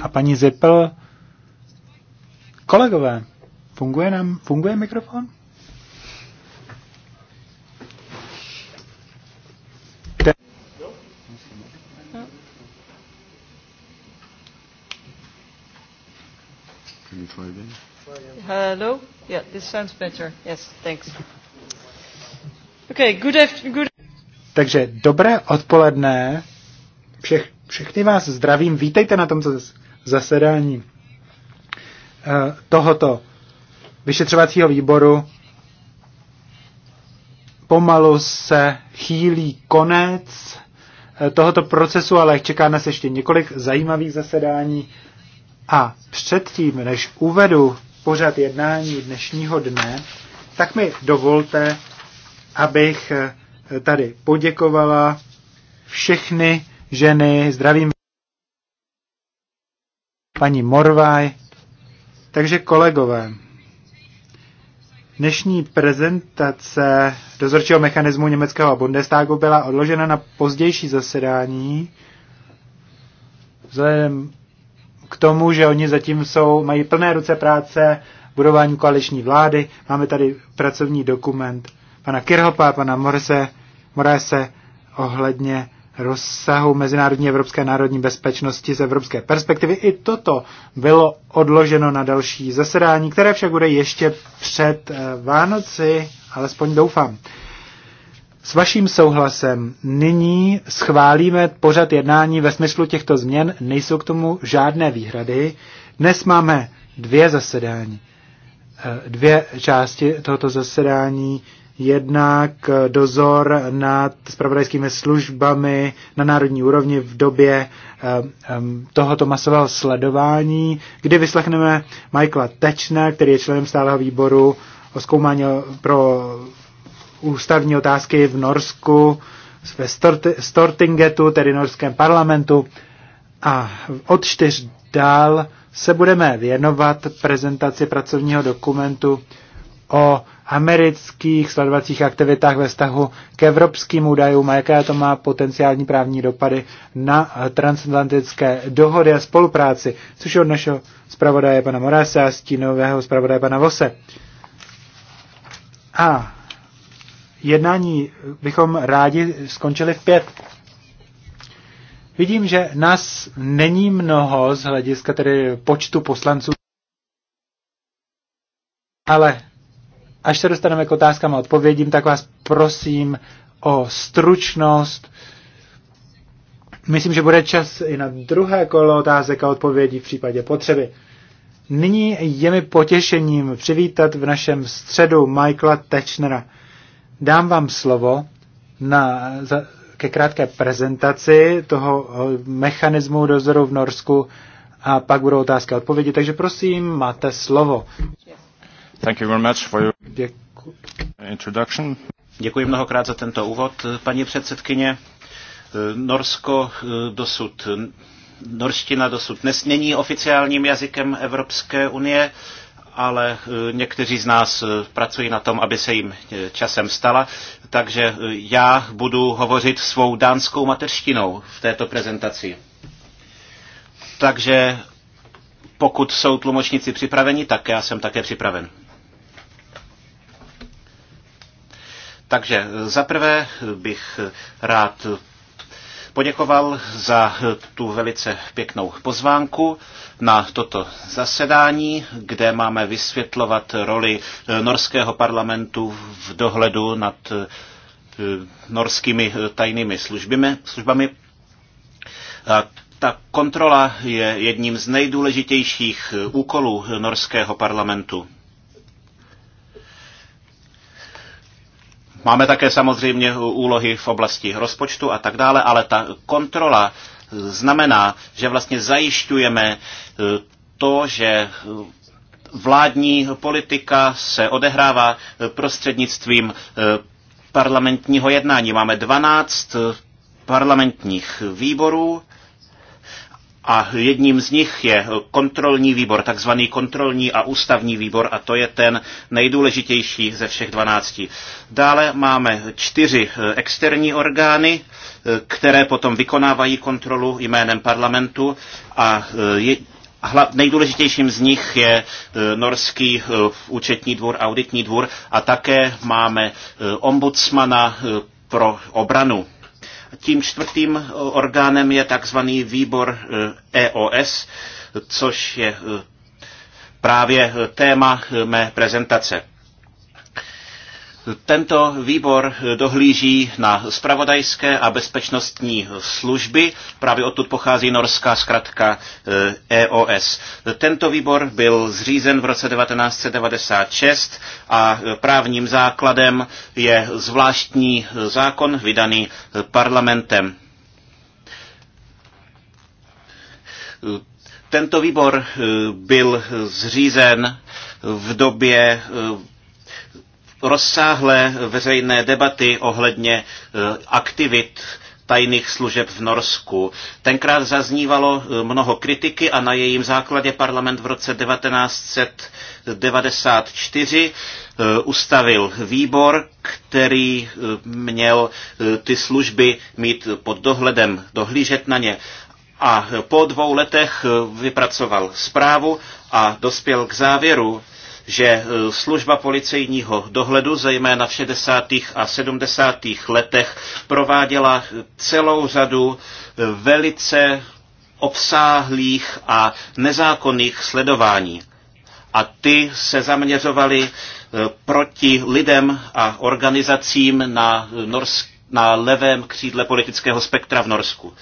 A paní Zippel, kolegové, funguje nám, funguje mikrofon? Hello? Yeah, this sounds better. Yes, thanks. Okay, good good... Takže dobré odpoledne. Všech, všechny vás zdravím. Vítejte na tomto zasedání eh, tohoto vyšetřovacího výboru pomalu se chýlí konec eh, tohoto procesu, ale čeká nás ještě několik zajímavých zasedání. A předtím, než uvedu pořad jednání dnešního dne, tak mi dovolte, abych eh, tady poděkovala všechny ženy, zdravím paní Morvaj. Takže kolegové, dnešní prezentace dozorčího mechanismu německého Bundestagu byla odložena na pozdější zasedání vzhledem k tomu, že oni zatím jsou, mají plné ruce práce budování koaliční vlády. Máme tady pracovní dokument pana Kirhopa, pana Morse, Morese ohledně rozsahu mezinárodní evropské národní bezpečnosti z evropské perspektivy. I toto bylo odloženo na další zasedání, které však bude ještě před eh, Vánoci, alespoň doufám. S vaším souhlasem nyní schválíme pořad jednání ve smyslu těchto změn. Nejsou k tomu žádné výhrady. Dnes máme dvě zasedání. Eh, dvě části tohoto zasedání jednak dozor nad spravodajskými službami na národní úrovni v době eh, eh, tohoto masového sledování, kdy vyslechneme Michaela Tečna, který je členem stáleho výboru o zkoumání pro ústavní otázky v Norsku ve Stortingetu, tedy norském parlamentu. A od čtyř dál se budeme věnovat prezentaci pracovního dokumentu o amerických sledovacích aktivitách ve vztahu k evropským údajům a jaké to má potenciální právní dopady na transatlantické dohody a spolupráci, což je od našeho zpravodaje pana Morase a stínového zpravodaje pana Vose. A jednání bychom rádi skončili v pět. Vidím, že nás není mnoho z hlediska tedy počtu poslanců, ale Až se dostaneme k otázkám a odpovědím, tak vás prosím o stručnost. Myslím, že bude čas i na druhé kolo otázek a odpovědí v případě potřeby. Nyní je mi potěšením přivítat v našem středu Michaela Tečnera. Dám vám slovo na, za, ke krátké prezentaci toho eh, mechanismu dozoru v Norsku a pak budou otázky a odpovědi. Takže prosím, máte slovo. Yes. Thank you very much for your introduction. Děkuji mnohokrát za tento úvod, paní předsedkyně. Norsko eh, dosud, norština dosud nes, není oficiálním jazykem Evropské unie, ale eh, někteří z nás eh, pracují na tom, aby se jim časem stala. Takže já budu hovořit svou dánskou mateřštinou v této prezentaci. Takže pokud jsou tlumočníci připraveni, tak já jsem také připraven. Takže zaprvé bych rád poděkoval za tu velice pěknou pozvánku na toto zasedání, kde máme vysvětlovat roli norského parlamentu v dohledu nad eh, norskými eh, tajnými službami. službami. A ta kontrola je jedním z nejdůležitějších úkolů norského parlamentu. Máme také samozřejmě úlohy v oblasti rozpočtu a tak dále, ale ta kontrola znamená, že vlastně zajišťujeme eh, to, že eh, vládní politika se odehrává eh, prostřednictvím parlamentního jednání. Máme 12 parlamentních výborů a jedním z nich je kontrolní výbor, takzvaný kontrolní a ústavní výbor, a to je ten nejdůležitější ze všech dvanácti. Dále máme čtyři eh, externí orgány, eh, které potom vykonávají kontrolu jménem parlamentu a eh, je, nejdůležitějším z nich je norský účetní dvůr, auditní dvůr a také máme ombudsmana pro obranu. Tím čtvrtým eh, orgánem je takzvaný výbor EOS, eh, e což je eh, právě téma mé prezentace. Tento výbor dohlíží na spravodajské a bezpečnostní služby. Právě odtud pochází norská zkratka EOS. Eh, e Tento výbor byl zřízen v roce 1996 a právním základem je zvláštní zákon vydaný parlamentem. Tento výbor eh, byl zřízen v době eh, rozsáhlé veřejné debaty ohledně e, aktivit tajných služeb v Norsku. Tenkrát zaznívalo e, mnoho kritiky a na jejím základě parlament v roce 1994 e, ustavil výbor, který měl ty služby mít pod dohledem, dohlížet na ně. A po dvou letech vypracoval zprávu a dospěl k závěru, že e, služba policejního dohledu, zejména v 60. a 70. letech, prováděla celou řadu e, velice obsáhlých a nezákonných sledování. A ty se zaměřovaly e, proti lidem a organizacím na, norsk, na levém křídle politického spektra v Norsku.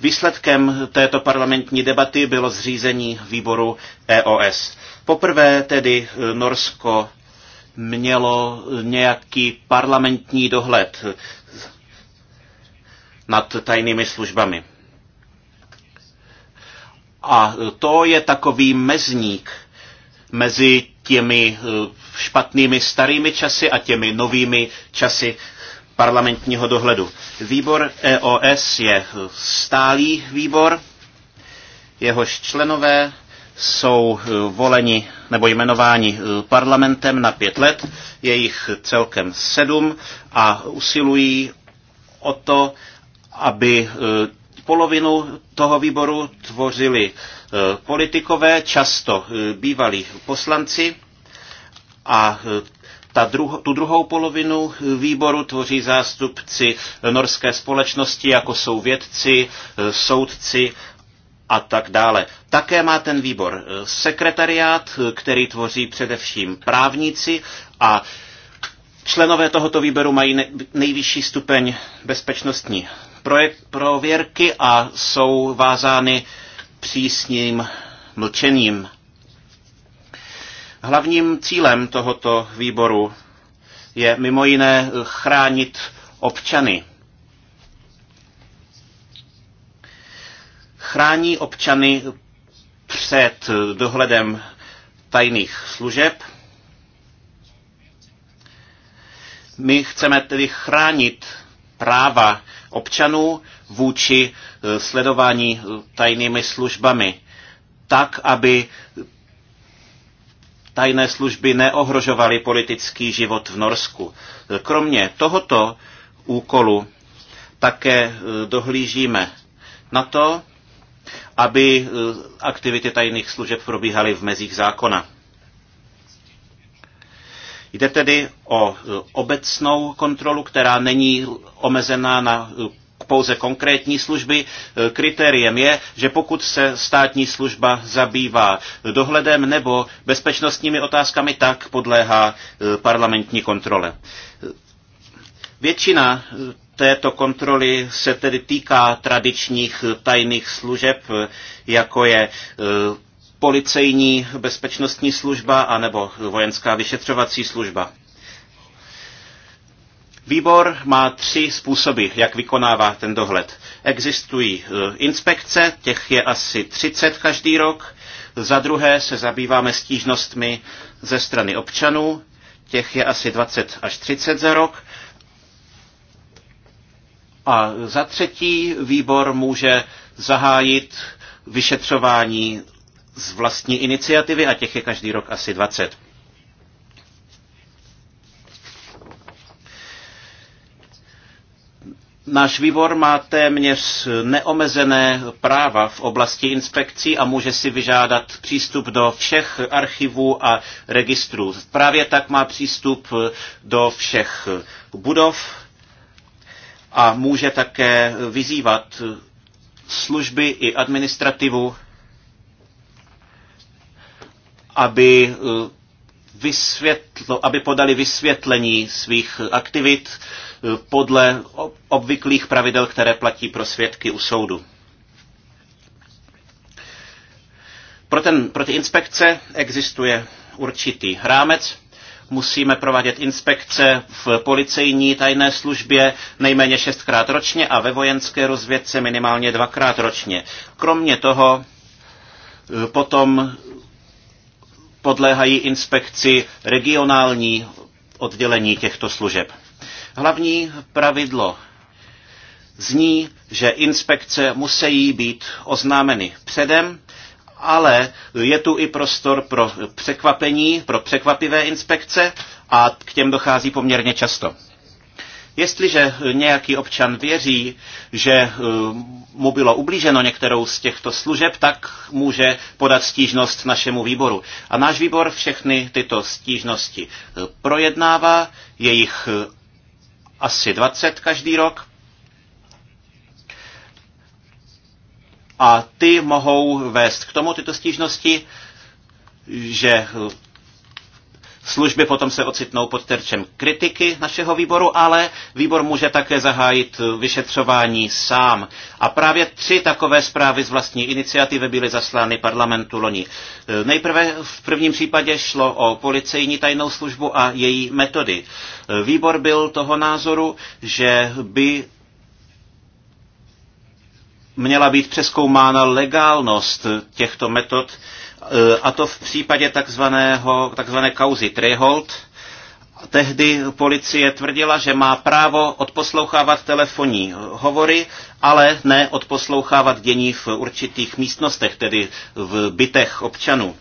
Výsledkem této parlamentní debaty bylo zřízení výboru EOS. Poprvé tedy eh, Norsko mělo nějaký parlamentní dohled nad tajnými službami. A to je takový mezník mezi těmi eh, špatnými starými časy a těmi novými časy, parlamentního dohledu. Výbor EOS je stálý výbor, jehož členové jsou eh, voleni nebo jmenováni eh, parlamentem na pět let, je jich celkem sedm a usilují o to, aby eh, polovinu toho výboru tvořili politikové, často bývalí poslanci a ta druho, tu druhou polovinu výboru tvoří zástupci norské společnosti, jako jsou vědci, eh, soudci a tak dále. Také má ten výbor eh, sekretariát, eh, který tvoří především právníci a členové tohoto výboru mají nejvyšší stupeň bezpečnostní projekt, prověrky a jsou vázány přísným mlčením. Hlavním cílem tohoto výboru je mimo jiné chránit občany. Chrání občany před dohledem tajných služeb. My chceme tedy chránit práva občanů vůči eh, sledování eh, tajnými službami, tak, aby tajné služby neohrožovaly politický život v Norsku. Kromě tohoto úkolu také e, dohlížíme na to, aby e, aktivity tajných služeb probíhaly v mezích zákona. Jde tedy o e, obecnou kontrolu, která není omezená na pouze konkrétní služby. E, kritériem je, že pokud se státní služba zabývá dohledem nebo bezpečnostními otázkami, tak podléhá e, parlamentní kontrole. E, většina této kontroly se tedy týká tradičních tajných služeb, jako je policejní bezpečnostní služba anebo vojenská vyšetřovací služba. Výbor má tři způsoby, jak vykonává ten dohled. Existují e, inspekce, těch je asi 30 každý rok. Za druhé se zabýváme stížnostmi ze strany občanů, těch je asi 20 až 30 za rok. A za třetí výbor může zahájit vyšetřování z vlastní iniciativy a těch je každý rok asi 20. Náš výbor má téměř neomezené práva v oblasti inspekcí a může si vyžádat přístup do všech archivů a registrů. Právě tak má přístup do všech budov a může také vyzývat služby i administrativu, aby, eh, vysvětlo, aby podali vysvětlení svých aktivit podle obvyklých pravidel, které platí pro svědky u soudu. Pro, ten, pro ty inspekce existuje určitý rámec. Musíme provádět inspekce v policejní tajné službě nejméně šestkrát ročně a ve vojenské rozvědce minimálně dvakrát ročně. Kromě toho eh, potom podléhají inspekci regionální oddělení těchto služeb. Hlavní pravidlo zní, že inspekce musí být oznámeny předem, ale je tu i prostor pro překvapení, pro překvapivé inspekce a k těm dochází poměrně často. Jestliže nějaký občan věří, že eh, mu bylo ublíženo některou z těchto služeb, tak může podat stížnost našemu výboru. A náš výbor všechny tyto stížnosti eh, projednává, jejich eh, asi 20 každý rok. A ty mohou vést k tomu tyto stížnosti, že Služby potom se ocitnou pod terčem kritiky našeho výboru, ale výbor může také zahájit vyšetřování sám. A právě tři takové zprávy z vlastní iniciativy byly zaslány parlamentu loni. Nejprve v prvním případě šlo o policejní tajnou službu a její metody. Výbor byl toho názoru, že by měla být přeskoumána legálnost těchto metod, Eh, a to v případě takzvaného, takzvané kauzy Trehold. Tehdy policie tvrdila, že má právo odposlouchávat telefonní hovory, ale ne odposlouchávat dění v určitých místnostech, tedy v bytech občanů.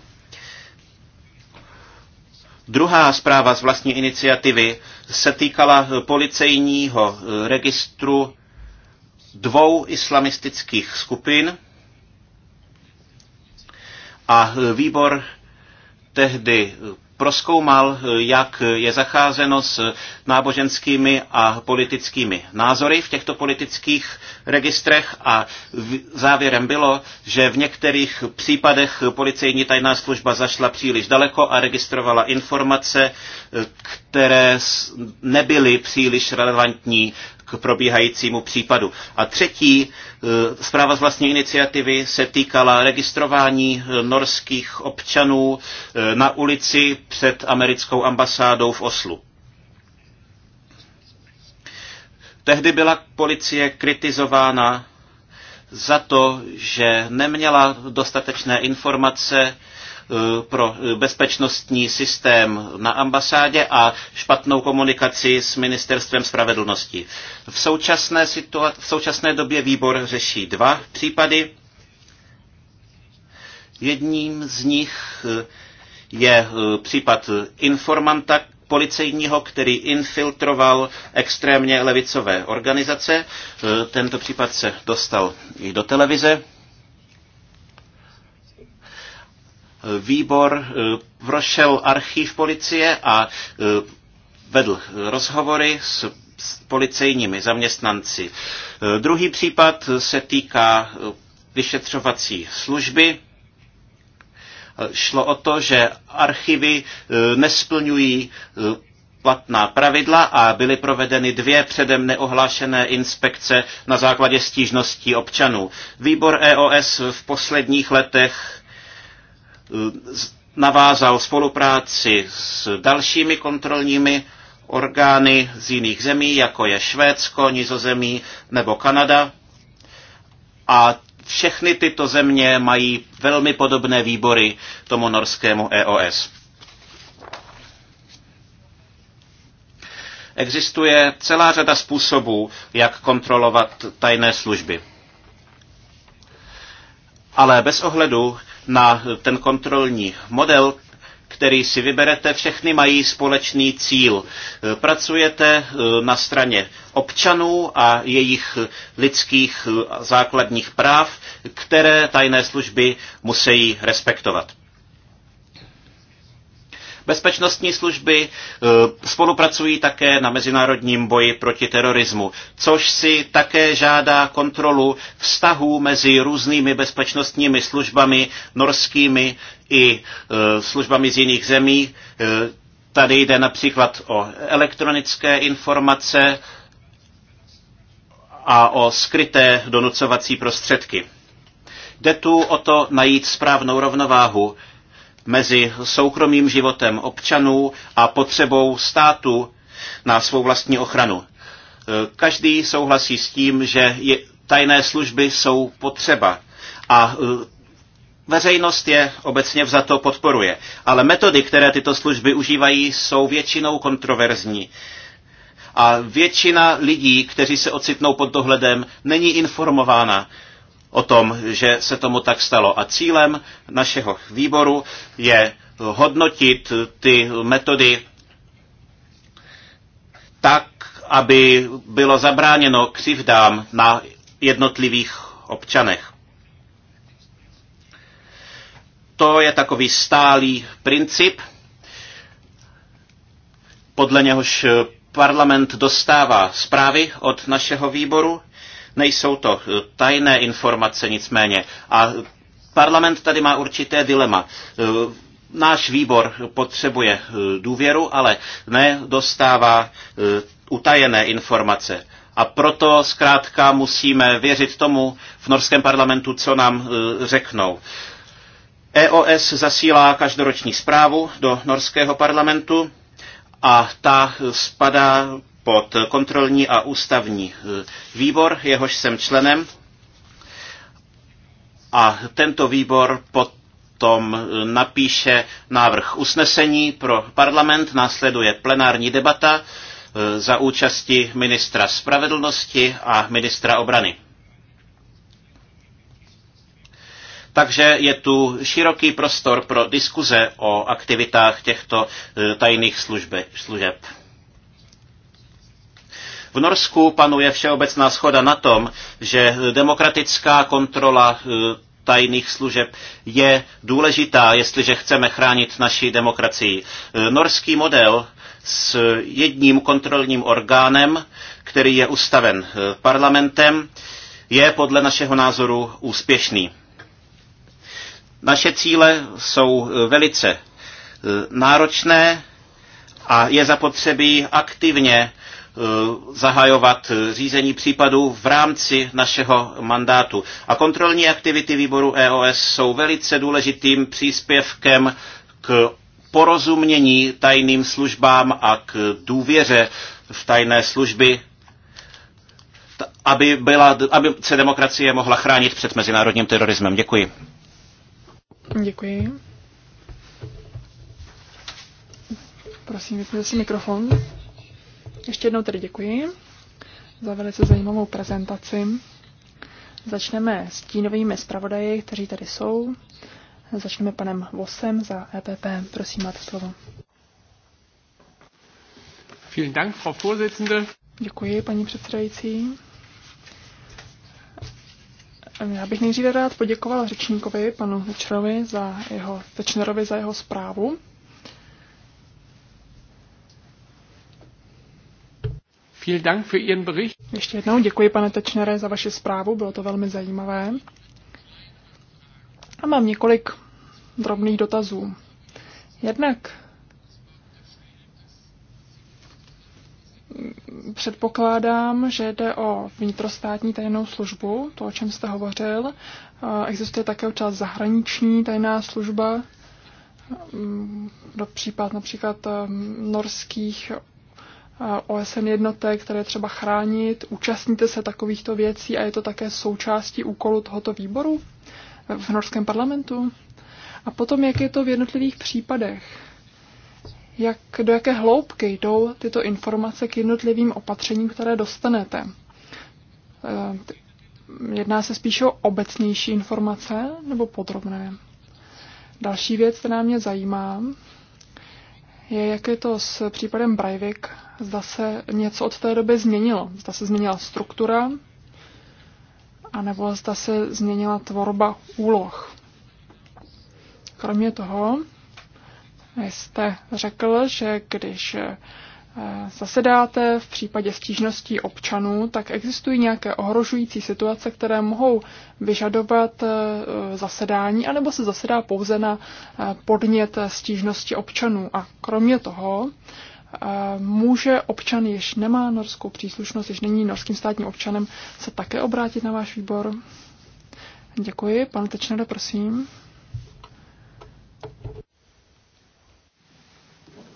Druhá zpráva z vlastní iniciativy se týkala policejního registru dvou islamistických skupin, a e, výbor tehdy proskoumal, eh, jak je zacházeno s náboženskými a politickými názory v těchto politických registrech a závěrem bylo, že v některých případech policejní tajná služba zašla příliš daleko a registrovala informace, eh, které nebyly příliš relevantní k probíhajícímu případu. A třetí eh, zpráva z vlastní iniciativy se týkala registrování norských občanů na ulici před americkou ambasádou v Oslu. Tehdy byla policie kritizována za to, že neměla dostatečné informace eh, pro bezpečnostní systém na ambasádě a špatnou komunikaci s ministerstvem spravedlnosti. V současné, situa- v současné době výbor řeší dva případy. Jedním z nich eh, je eh, případ informanta, policejního, který infiltroval extrémně levicové organizace. Eh, tento případ se dostal i do televize. Výbor eh, prošel archív policie a vedl rozhovory s policejními zaměstnanci. Druhý případ se týká vyšetřovací služby Šlo o to, že archivy e, nesplňují e, platná pravidla a byly provedeny dvě předem neohlášené inspekce na základě stížností občanů. Výbor EOS v posledních letech e, navázal spolupráci s dalšími kontrolními orgány z jiných zemí, jako je Švédsko, Nizozemí nebo Kanada. A všechny tyto země mají velmi podobné výbory tomu norskému EOS. Existuje celá řada způsobů, jak kontrolovat tajné služby. Ale bez ohledu na ten kontrolní model který si vyberete, všechny mají společný cíl. Eh, pracujete eh, na straně občanů a jejich lidských eh, základních práv, které tajné služby musí respektovat bezpečnostní služby spolupracují také na mezinárodním boji proti terorismu, což si také žádá kontrolu vztahů mezi různými bezpečnostními službami, norskými, i e, službami z jiných zemí. E, tady jde například o elektronické informace a o skryté donucovací prostředky. Jde tu o to najít správnou rovnováhu mezi soukromým životem občanů a potřebou státu na svou vlastní ochranu. E, každý souhlasí s tím, že tajné služby jsou potřeba. A Veřejnost je obecně vzato podporuje, ale metody, které tyto služby užívají, jsou většinou kontroverzní. A většina lidí, kteří se ocitnou pod dohledem, není informována o tom, že se tomu tak stalo. A cílem našeho výboru je hodnotit ty metody tak, aby bylo zabráněno křivdám na jednotlivých občanech. To je takový stálý princip, podle něhož parlament dostává zprávy od našeho výboru. Nejsou to eh, tajné informace nicméně. A parlament tady má určité dilema. Eh, náš výbor potřebuje eh, důvěru, ale nedostává utajené informace. A proto zkrátka musíme věřit tomu v norském parlamentu, co nám řeknou. EOS zasílá každoroční zprávu do norského parlamentu a ta spadá pod kontrolní a ústavní eh, výbor, jehož jsem členem. A tento výbor potom eh, napíše návrh usnesení pro parlament, následuje plenární debata eh, za účasti ministra spravedlnosti a ministra obrany. Takže je tu široký prostor pro diskuze o aktivitách těchto e, tajných služby, služeb. V Norsku panuje všeobecná schoda na tom, že demokratická kontrola e, tajných služeb je důležitá, jestliže chceme chránit naši demokracii. E, norský model s jedním kontrolním orgánem, který je ustaven parlamentem, je podle našeho názoru úspěšný. Naše cíle jsou e, velice e, náročné a je zapotřebí aktivně e, zahajovat řízení případů v rámci našeho mandátu. A kontrolní aktivity výboru EOS jsou velice důležitým příspěvkem k porozumění tajným službám a k důvěře v tajné služby, aby, byla, aby se demokracie mohla chránit před mezinárodním terorismem. Děkuji. Děkuji. Prosím, vypněte si mikrofon. Ještě jednou tedy děkuji za velice zajímavou prezentaci. Začneme s tínovými zpravodaji, kteří tady jsou. Začneme panem Vosem za EPP. Prosím, máte slovo. Vielen Dank, Frau Vorsitzende. Děkuji, paní předsedající. Já bych nejdříve rád poděkoval řečníkovi, panu Tečnerovi, za jeho, Tečnerovi za jeho zprávu. Vielen Dank für Ihren Bericht. Ještě jednou děkuji, pane Tečnere, za vaši zprávu, bylo to velmi zajímavé. A mám několik drobných dotazů. Jednak Předpokládám, že jde o vnitrostátní tajnou službu, to, o čem jste hovořil. Existuje také část zahraniční tajná služba, mm, do případ například mm, norských OSN jednotek, které třeba chránit. Účastníte se takovýchto věcí a je to také součástí úkolu tohoto výboru v norském parlamentu? A potom, jak je to v jednotlivých případech? jak, do jaké hloubky jdou tyto informace k jednotlivým opatřením, které dostanete. Ehm, jedná se spíš o obecnější informace nebo podrobné? Další věc, která mě zajímá, je, jak je to s případem Breivik. Zda se něco od té doby změnilo. Zda se změnila struktura, anebo zda se změnila tvorba úloh. Kromě toho vy jste řekl, že když eh, zasedáte v případě stížností občanů, tak existují nějaké ohrožující situace, které mohou vyžadovat eh, zasedání, anebo se zasedá pouze na eh, podnět stížnosti občanů. A kromě toho může občan, jež nemá norskou příslušnost, jež není norským státním občanem, se také obrátit na váš výbor? Děkuji. Pane Tečnere, prosím.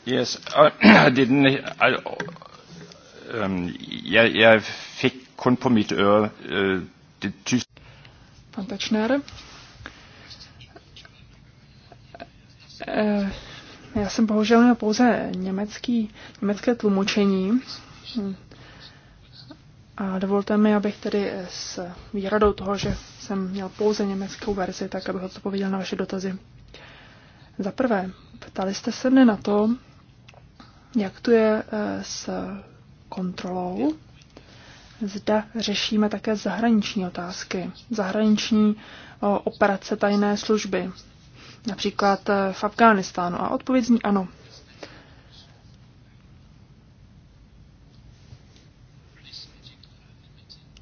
Yes, I didn't, I, um, jeg, jeg fikk kun på mitt øre uh, det tyske. Pan Tečner. Eh, já jsem bohužel měl pouze německý, německé tlumočení. Hm. A dovolte mi, abych tedy s výhradou toho, že jsem měl pouze německou verzi, tak abych odpověděl na vaše dotazy. Za prvé, ptali jste se mne na to, jak to je eh, s kontrolou? Zda řešíme také zahraniční otázky, zahraniční eh, operace tajné služby, například eh, v Afghánistánu. A odpověď zní ano.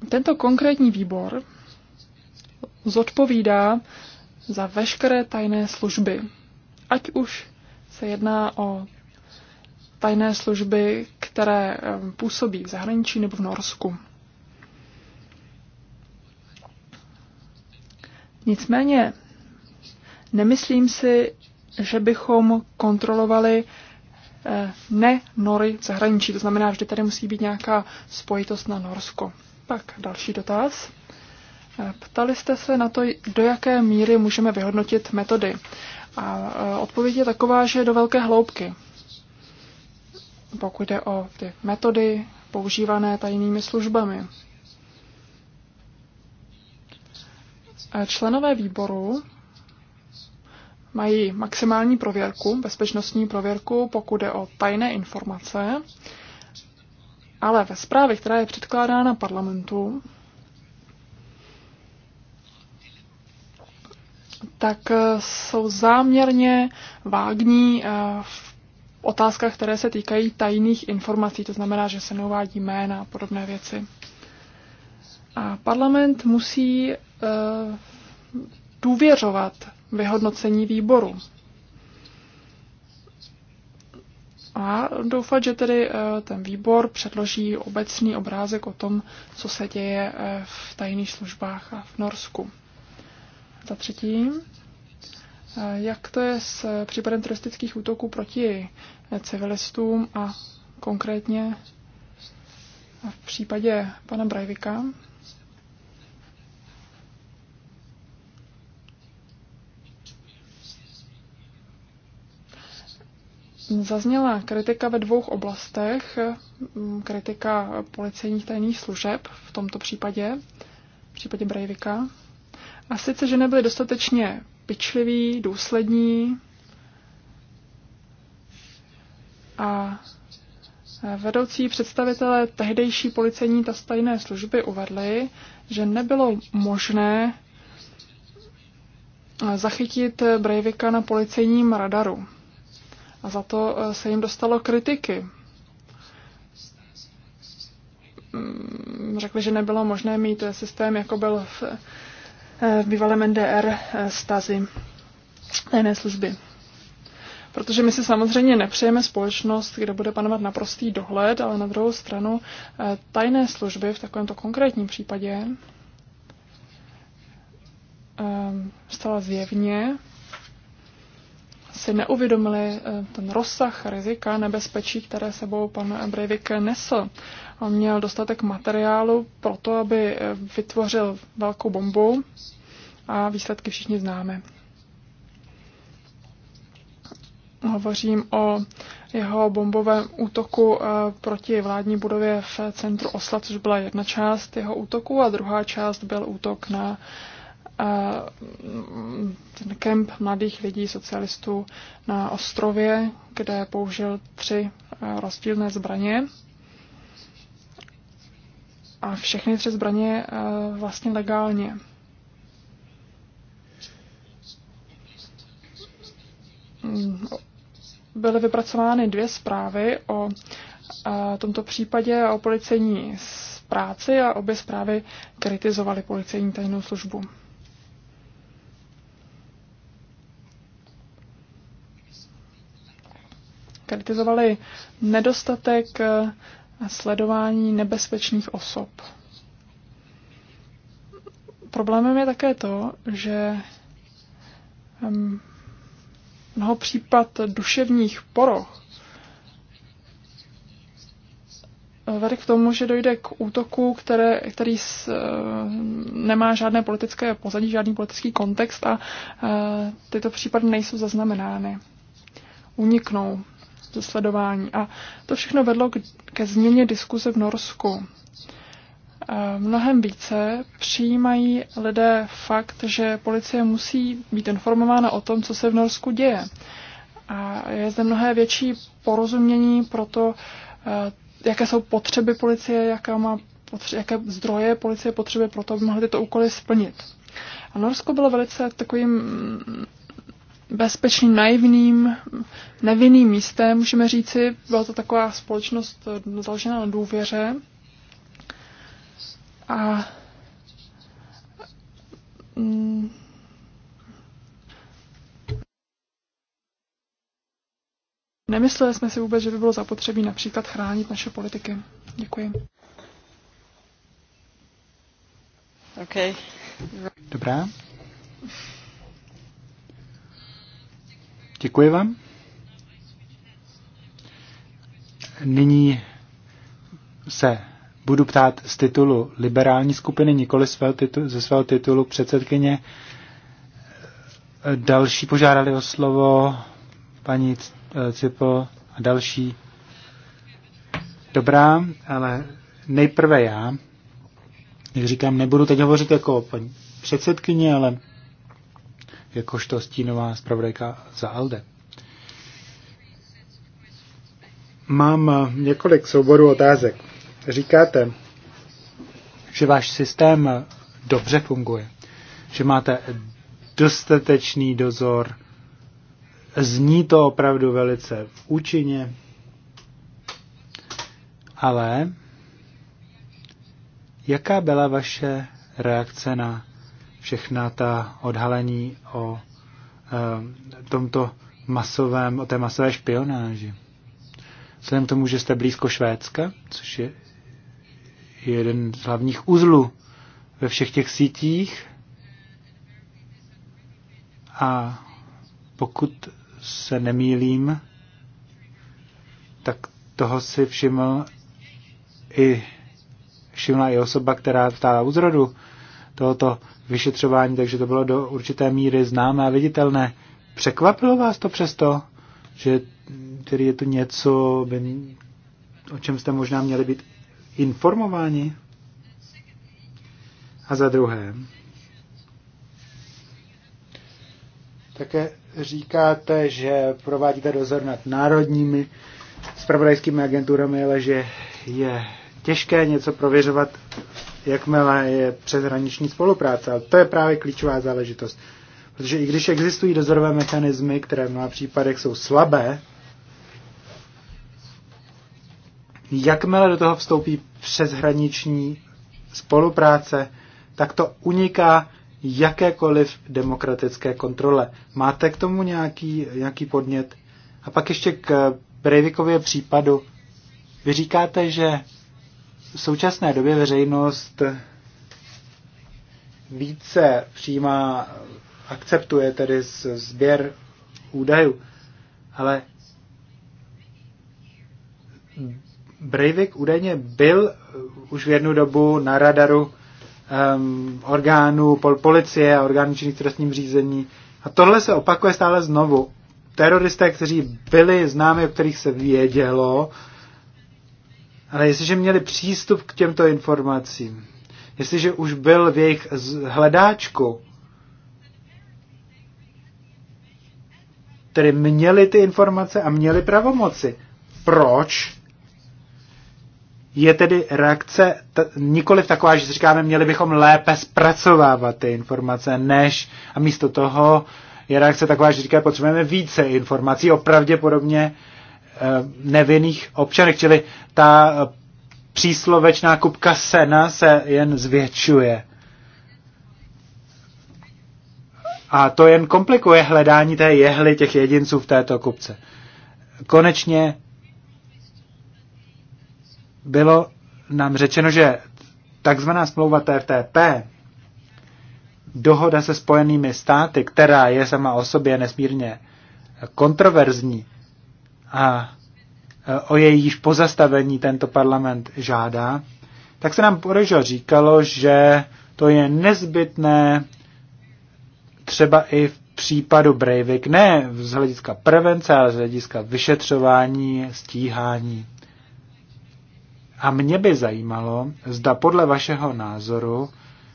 Tento konkrétní výbor zodpovídá za veškeré tajné služby, ať už se jedná o tajné služby, které působí v zahraničí nebo v Norsku. Nicméně nemyslím si, že bychom kontrolovali eh, ne nory v zahraničí. To znamená, že tady musí být nějaká spojitost na Norsko. Tak další dotaz. Eh, ptali jste se na to, do jaké míry můžeme vyhodnotit metody. A eh, odpověď je taková, že do velké hloubky pokud jde o ty metody používané tajnými službami. Členové výboru mají maximální prověrku, bezpečnostní prověrku, pokud jde o tajné informace, ale ve zprávě, která je předkládána parlamentu, tak jsou záměrně vágní eh, v otázkách, které se týkají tajných informací, to znamená, že se neuvádí jména a podobné věci. A parlament musí uh, důvěřovat vyhodnocení výboru. A doufat, že tedy eh, ten výbor předloží obecný obrázek o tom, co se děje eh, v tajných službách a v Norsku. Za třetí, jak to je s případem teroristických útoků proti civilistům a konkrétně v případě pana Brajvika? Zazněla kritika ve dvou oblastech. Kritika policejních tajných služeb v tomto případě, v případě Brejvika. A sice, že nebyly dostatečně pečlivý, důslední a vedoucí představitelé tehdejší policejní ta tajné služby uvedli, že nebylo možné zachytit Breivika na policejním radaru. A za to eh, se jim dostalo kritiky. Mm, řekli, že nebylo možné mít eh, systém, jako byl v v eh, bývalém NDR eh, stazy tajné služby. Protože my si samozřejmě nepřejeme společnost, kde bude panovat naprostý dohled, ale na druhou stranu eh, tajné služby v takovémto konkrétním případě stala zjevně si neuvědomili eh, ten rozsah rizika nebezpečí, které sebou pan Breivik nesl. On měl dostatek materiálu pro to, aby eh, vytvořil velkou bombu a výsledky všichni známe. Hovořím o jeho bombovém útoku eh, proti vládní budově v centru Osla, což byla jedna část jeho útoku a druhá část byl útok na ten kemp mladých lidí socialistů na ostrově, kde použil tři eh, rozdílné zbraně. A všechny tři zbraně eh, vlastně legálně. Byly vypracovány dvě zprávy o eh, tomto případě a o policejní práci a obě zprávy kritizovaly policejní tajnou službu. kritizovali nedostatek eh, sledování nebezpečných osob. Problémem je také to, že mnoho případ duševních poroch vede k tomu, že dojde k útoku, které, který s, e, nemá žádné politické pozadí, žádný politický kontext a e, tyto případy nejsou zaznamenány. Uniknou sledování. A to všechno vedlo ke změně diskuze v Norsku. E, mnohem více přijímají lidé fakt, že policie musí být informována o tom, co se v Norsku děje. A je zde mnohé větší porozumění pro to, e, jaké jsou potřeby policie, jaká má potře- jaké zdroje policie potřebuje pro to, aby mohly tyto úkoly splnit. A Norsko bylo velice takovým bezpečným, naivným, nevinným místem, můžeme říci. Byla to taková společnost eh, založená na důvěře. A mm, Nemysleli jsme si vůbec, že by bylo zapotřebí například chránit naše politiky. Děkuji. Okay. Dobrá. Děkuji vám. Nyní se budu ptát z titulu liberální skupiny, nikoli svého titulu, ze svého titulu předsedkyně. Další požádali o slovo paní eh, Cipo a další. Dobrá, ale nejprve já. Jak říkám, nebudu teď hovořit jako paní předsedkyně, ale jakožto stínová zpravodajka za ALDE. Mám eh, několik souborů otázek. Říkáte, že váš systém eh, dobře funguje, že máte dostatečný dozor, zní to opravdu velice účinně, ale jaká byla vaše reakce na všechna ta odhalení o eh, tomto masovém, o té masové špionáži. Vzhledem k tomu, že jste blízko Švédska, což je jeden z hlavních uzlů ve všech těch sítích, a pokud se nemýlím, tak toho si všiml i všimla i osoba, která stála u zrodu tohoto vyšetřování, takže to bylo do určité míry známé a viditelné. Překvapilo vás to přesto, že tedy je to něco, o čem jste možná měli být informováni? A za druhé, také říkáte, že provádíte dozor nad národními spravodajskými agenturami, ale že je těžké něco prověřovat v jakmile je přeshraniční spolupráce. Ale to je právě klíčová záležitost. Protože i když existují dozorové mechanismy, které v mnoha případech jsou slabé, jakmile do toho vstoupí přeshraniční spolupráce, tak to uniká jakékoliv demokratické kontrole. Máte k tomu nějaký, nějaký podnět? A pak ještě k Breivikově případu. Vy říkáte, že v současné době veřejnost více přijímá, akceptuje tedy sběr údajů, ale Breivik údajně byl eh, už v jednu dobu na radaru um, orgánů pol, policie a orgánů činných trestním řízení. A tohle se opakuje stále znovu. Teroristé, kteří byli známi, o kterých se vědělo, ale jestliže měli přístup k těmto informacím, jestliže už byl v jejich hledáčku, tedy měli ty informace a měli pravomoci. Proč je tedy reakce t- nikoli taková, že si říkáme, měli bychom lépe zpracovávat ty informace, než a místo toho je reakce taková, že říkáme potřebujeme více informací o pravděpodobně Eh, nevinných občanek, čili ta eh, příslovečná kupka sena se jen zvětšuje. A to jen komplikuje hledání té jehly těch jedinců v této kupce. Konečně bylo nám řečeno, že takzvaná smlouva TTP, dohoda se spojenými státy, která je sama o sobě nesmírně kontroverzní, a e, o jejíž pozastavení tento parlament žádá, tak se nám Porežo říkalo, že to je nezbytné třeba i v případu Breivik, ne z hlediska prevence, ale z hlediska vyšetřování, stíhání. A mě by zajímalo, zda podle vašeho názoru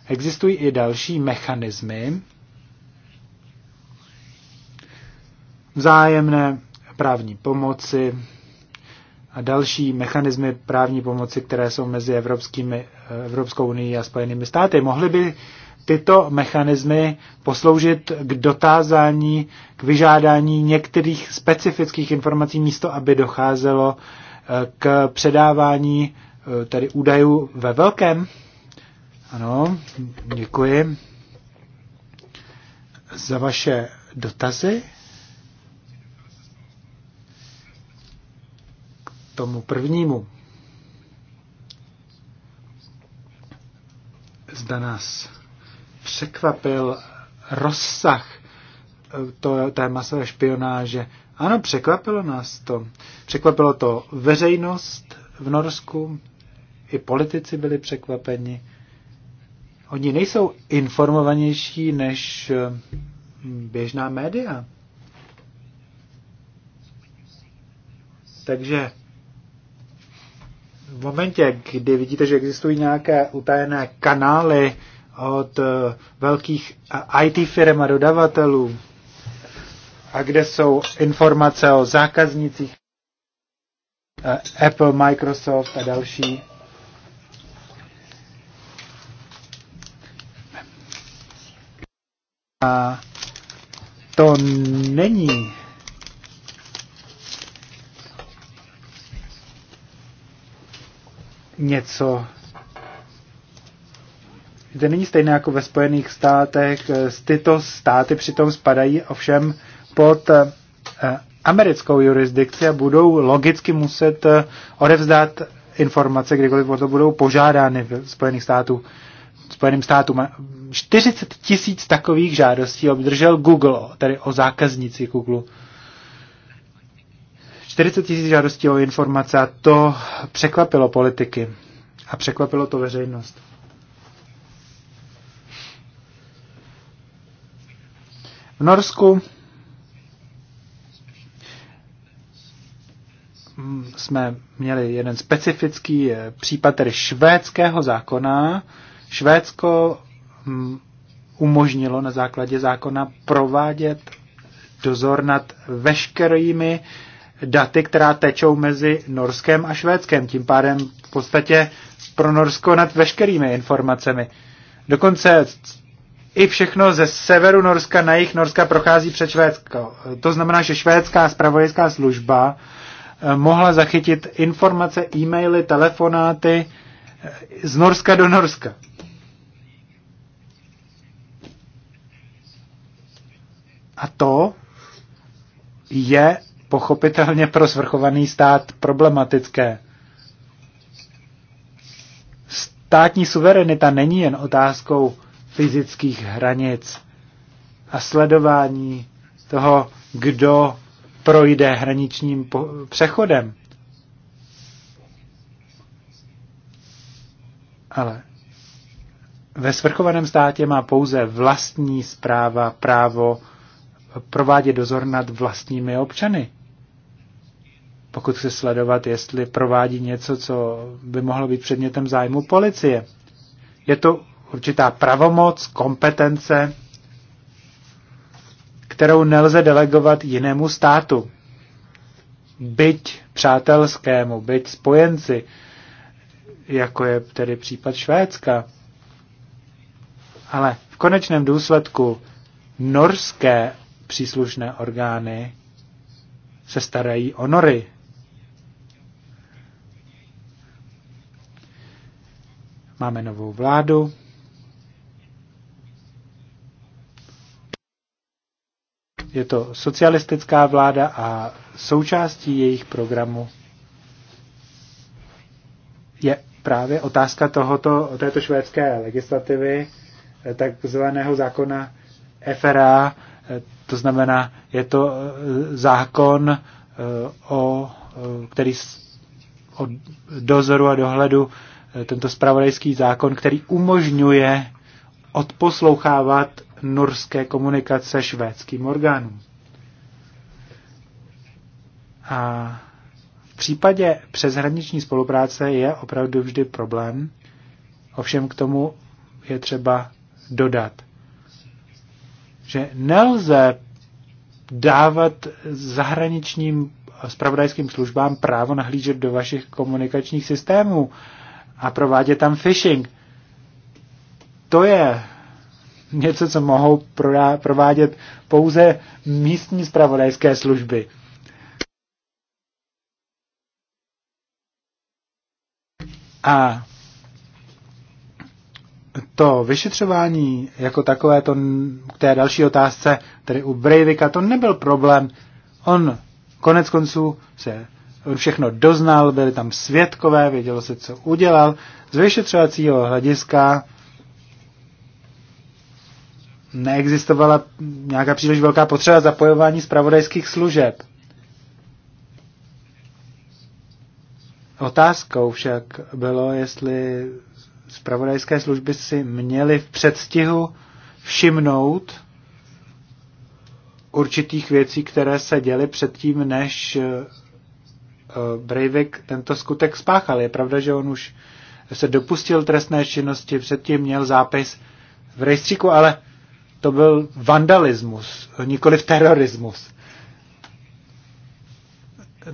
existují i další mechanismy vzájemné právní pomoci a další mechanismy právní pomoci, které jsou mezi Evropskými, Evropskou unii a Spojenými státy. Mohly by tyto mechanismy posloužit k dotázání, k vyžádání některých specifických informací místo, aby docházelo eh, k předávání eh, tedy údajů ve velkém? Ano, děkuji za vaše dotazy. tomu prvnímu. Zda nás překvapil rozsah eh, to, té masové špionáže. Ano, překvapilo nás to. Překvapilo to veřejnost v Norsku, i politici byli překvapeni. Oni nejsou informovanější než eh, běžná média. Takže v momentě, kdy vidíte, že existují nějaké utajené kanály od eh, velkých eh, IT firm a dodavatelů, a kde jsou informace o zákaznicích eh, Apple, Microsoft a další. A to není něco, kde není stejné jako ve Spojených státech. Eh, tyto státy přitom spadají ovšem pod eh, eh, americkou jurisdikci a budou logicky muset odevzdat informace, kdykoliv o to budou požádány v Spojených států. Spojeným státům. 40 tisíc takových žádostí obdržel Google, tedy o zákaznici Google. 40 tisíc žádostí o informace a to překvapilo politiky a překvapilo to veřejnost. V Norsku jsme měli jeden specifický eh, případ, tedy švédského zákona. Švédsko hm, umožnilo na základě zákona provádět dozor nad veškerými uh, daty, která tečou mezi Norskem a Švédskem. Tím pádem v podstatě pro Norsko nad veškerými informacemi. Dokonce i všechno ze severu Norska na jih Norska prochází před Švédsko. To znamená, že švédská spravodajská služba eh, mohla zachytit informace, e-maily, telefonáty eh, z Norska do Norska. A to je pochopitelně pro svrchovaný stát problematické. Státní suverenita není jen otázkou fyzických hranic a sledování toho, kdo projde hraničním přechodem. Ale ve svrchovaném státě má pouze vlastní zpráva právo provádět dozor nad vlastními občany. Pokud chce sledovat, jestli provádí něco, co by mohlo být předmětem zájmu policie. Je to určitá pravomoc, kompetence, kterou nelze delegovat jinému státu. Byť přátelskému, byť spojenci, jako je tedy případ Švédska. Ale v konečném důsledku norské příslušné orgány se starají o nory. Máme novou vládu. Je to socialistická vláda a součástí jejich programu je právě otázka tohoto, této švédské legislativy, eh, takzvaného zákona FRA, to znamená, je to eh, zákon, eh, o, eh, který o dozoru a dohledu, tento spravodajský zákon, který umožňuje odposlouchávat norské komunikace švédským orgánům. A v případě přeshraniční spolupráce je opravdu vždy problém, ovšem k tomu je třeba dodat, že nelze dávat zahraničním spravodajským službám právo nahlížet do vašich komunikačních systémů a provádět tam phishing. To je něco, co mohou provádět pouze místní spravodajské služby. A to vyšetřování jako takové, to, k té další otázce, tedy u Breivika, to nebyl problém. On konec konců se všechno doznal, byli tam svědkové, vědělo se, co udělal. Z vyšetřovacího hlediska neexistovala nějaká příliš velká potřeba zapojování zpravodajských služeb. Otázkou však bylo, jestli Spravodajské služby si měly v předstihu všimnout určitých věcí, které se děly předtím, než eh, Breivik tento skutek spáchal. Je pravda, že on už se dopustil trestné činnosti, předtím měl zápis v rejstříku, ale to byl vandalismus, nikoli terorismus.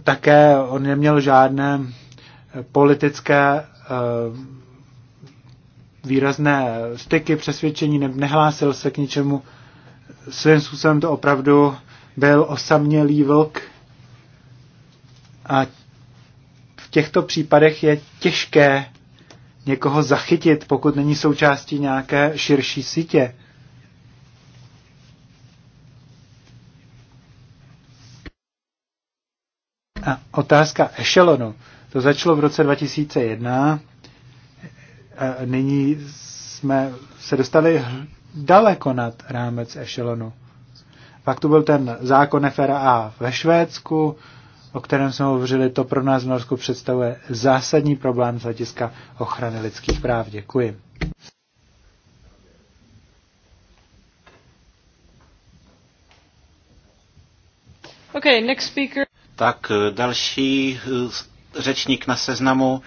Také on neměl žádné politické eh, výrazné styky, přesvědčení, ne, nehlásil se k ničemu. Svým způsobem to opravdu byl osamělý vlk. A v těchto případech je těžké někoho zachytit, pokud není součástí nějaké širší sítě. A otázka ešelonu. To začalo v roce 2001 nyní jsme se dostali daleko nad rámec ešelonu. Pak tu byl ten zákon FRA ve Švédsku, o kterém jsme hovořili, to pro nás v Norsku představuje zásadní problém z hlediska ochrany lidských práv. Děkuji. Okay, next speaker. Tak eh, další eh, řečník na seznamu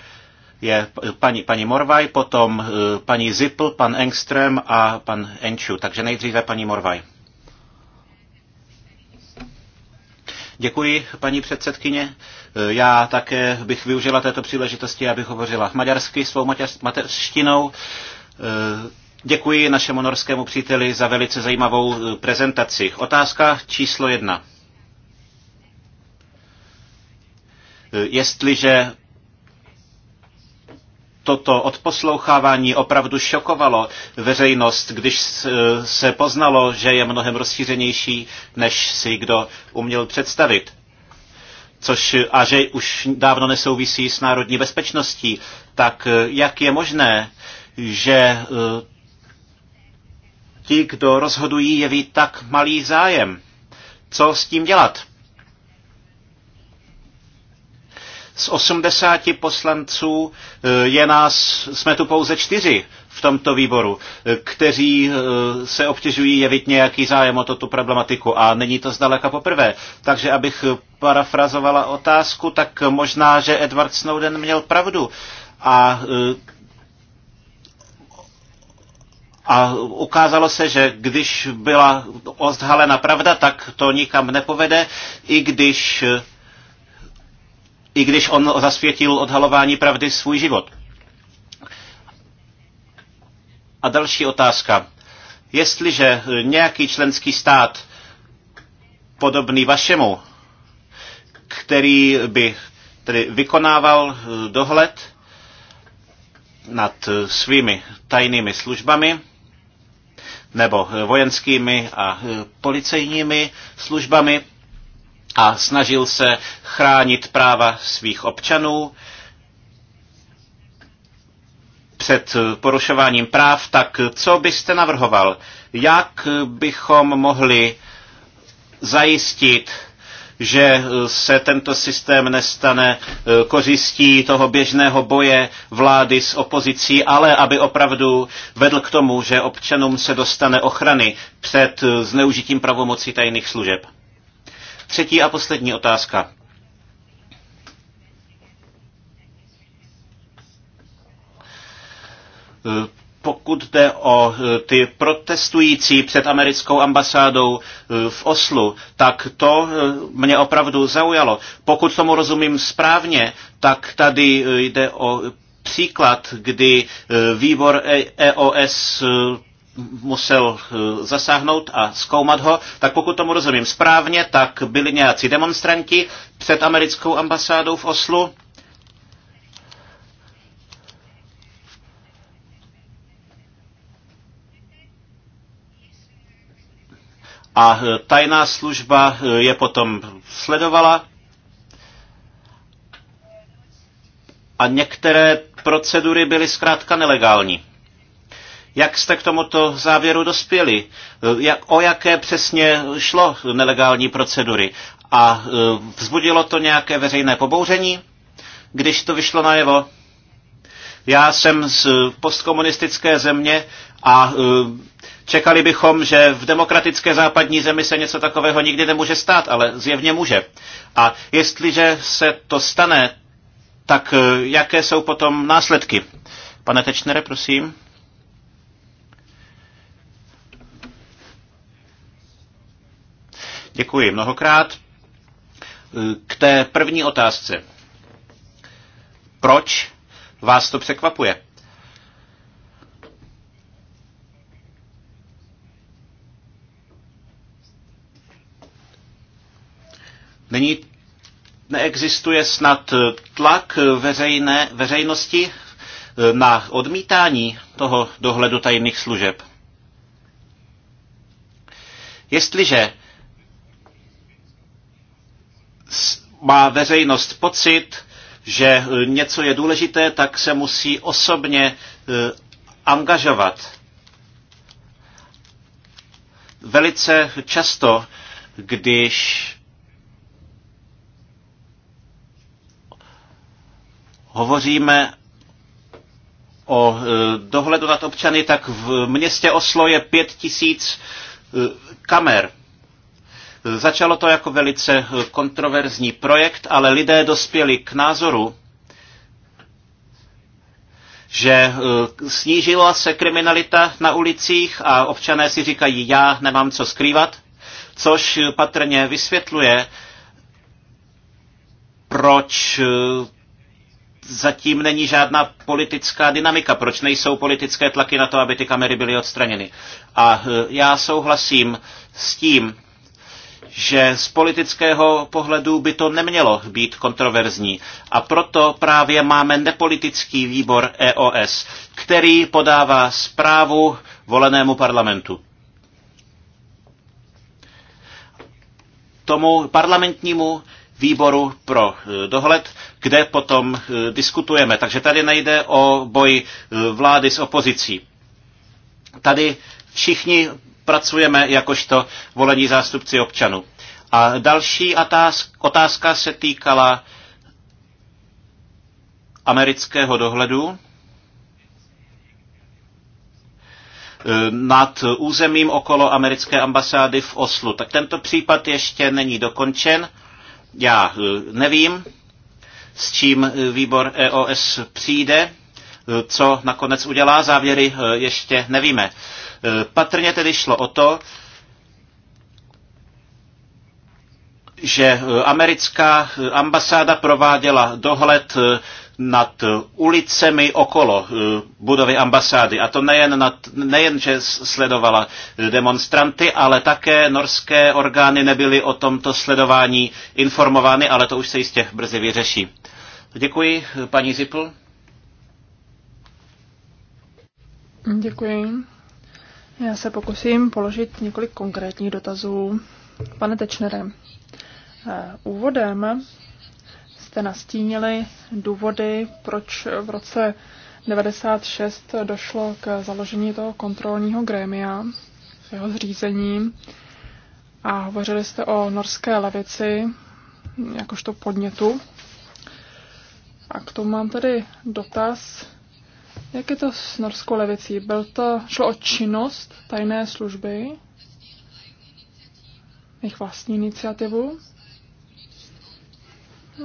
je paní, paní Morvaj, potom eh, paní Zippel, pan Engström a pan Enču. Takže nejdříve paní Morvaj. Děkuji, paní předsedkyně. Eh, já také bych využila této příležitosti, abych hovořila maďarsky svou mateřštinou. Eh, děkuji našemu norskému příteli za velice zajímavou prezentaci. Otázka číslo jedna. Jestliže toto odposlouchávání opravdu šokovalo veřejnost, když e, se poznalo, že je mnohem rozšířenější, než si kdo uměl představit. Což, a že už dávno nesouvisí s národní bezpečností, tak e, jak je možné, že e, ti, kdo rozhodují, jeví tak malý zájem? Co s tím dělat? Z 80 poslanců e, je nás, jsme tu pouze čtyři v tomto výboru, e, kteří e, se obtěžují jevit nějaký zájem o tu problematiku a není to zdaleka poprvé. Takže abych parafrazovala otázku, tak možná, že Edward Snowden měl pravdu. A a ukázalo se, že když byla odhalena pravda, tak to nikam nepovede, i když i když on zasvětil odhalování pravdy svůj život. A další otázka. Jestliže nějaký členský stát podobný vašemu, který by tedy vykonával dohled nad svými tajnými službami, nebo vojenskými a policejními službami, a snažil se chránit práva svých občanů před porušováním práv, tak co byste navrhoval? Jak bychom mohli zajistit, že se tento systém nestane eh, kořistí toho běžného boje vlády s opozicí, ale aby opravdu vedl k tomu, že občanům se dostane ochrany před eh, zneužitím pravomocí tajných služeb? Třetí a poslední otázka. Pokud jde o eh, ty protestující před americkou ambasádou eh, v Oslu, tak to eh, mě opravdu zaujalo. Pokud tomu rozumím správně, tak tady jde o příklad, kdy výbor EOS e musel eh, zasáhnout a zkoumat ho, tak pokud tomu rozumím správně, tak byli nějací demonstranti před americkou ambasádou v Oslu. A eh, tajná služba eh, je potom sledovala a některé procedury byly zkrátka nelegální. Jak jste k tomuto závěru dospěli? Eh, jak, o jaké přesně šlo nelegální procedury? A eh, vzbudilo to nějaké veřejné pobouření, když to vyšlo najevo? Já jsem z eh, postkomunistické země a čekali bychom, že v demokratické západní zemi se něco takového nikdy nemůže stát, ale zjevně může. A jestliže se to stane, tak jaké jsou potom následky? Pane Tečnere, prosím. Děkuji mnohokrát. K té první otázce. Proč vás to překvapuje? Není, neexistuje snad tlak veřejné, veřejnosti na odmítání toho dohledu tajných služeb? Jestliže má veřejnost pocit, že e, něco je důležité, tak se musí osobně e, angažovat. Velice často, když hovoříme o e, dohledu nad občany, tak v městě Oslo je pět tisíc kamer. Začalo to jako velice kontroverzní projekt, ale lidé dospěli k názoru, že e, snížila se kriminalita na ulicích a občané si říkají, já nemám co skrývat, což patrně vysvětluje, proč e, zatím není žádná politická dynamika, proč nejsou politické tlaky na to, aby ty kamery byly odstraněny. A e, já souhlasím s tím, že z politického pohledu by to nemělo být kontroverzní. A proto právě máme nepolitický výbor EOS, který podává zprávu volenému parlamentu. Tomu parlamentnímu výboru pro e, dohled, kde potom e, diskutujeme. Takže tady nejde o boj e, vlády s opozicí. Tady všichni pracujeme jakožto volení zástupci občanů. A další otázka se týkala amerického dohledu eh, nad územím okolo americké ambasády v Oslu. Tak tento případ ještě není dokončen. Já eh, nevím, s čím eh, výbor EOS přijde. Eh, co nakonec udělá závěry, eh, ještě nevíme. Eh, patrně tedy šlo o to, že americká ambasáda prováděla dohled nad ulicemi okolo budovy ambasády. A to nejen, nad, nejen že sledovala demonstranty, ale také norské orgány nebyly o tomto sledování informovány, ale to už se jistě brzy vyřeší. Děkuji, paní Zipl. Děkuji. Já se pokusím položit několik konkrétních dotazů. Pane Tečnere, eh, úvodem jste nastínili důvody, proč v roce 96 došlo k založení toho kontrolního grémia, jeho zřízení, a hovořili jste o norské levici jakožto podnětu. A k tomu mám tady dotaz, jak je to s norskou levicí? Byl to, šlo o činnost tajné služby, jejich vlastní iniciativu,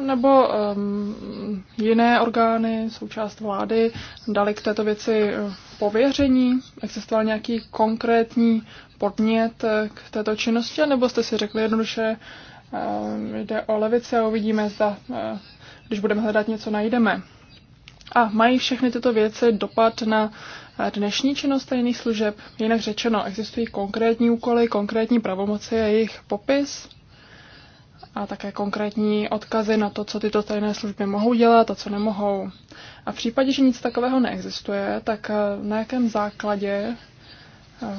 nebo um, jiné orgány, součást vlády, dali k této věci uh, pověření? Existoval nějaký konkrétní podnět uh, k této činnosti, nebo jste si řekli jednoduše, um, jde o levice a uvidíme, zda, uh, když budeme hledat něco, najdeme? A mají všechny tyto věci dopad na dnešní činnost tajných jiných služeb? Jinak řečeno, existují konkrétní úkoly, konkrétní pravomoci a jejich popis a také konkrétní odkazy na to, co tyto tajné služby mohou dělat a co nemohou. A v případě, že nic takového neexistuje, tak eh, na jakém základě eh,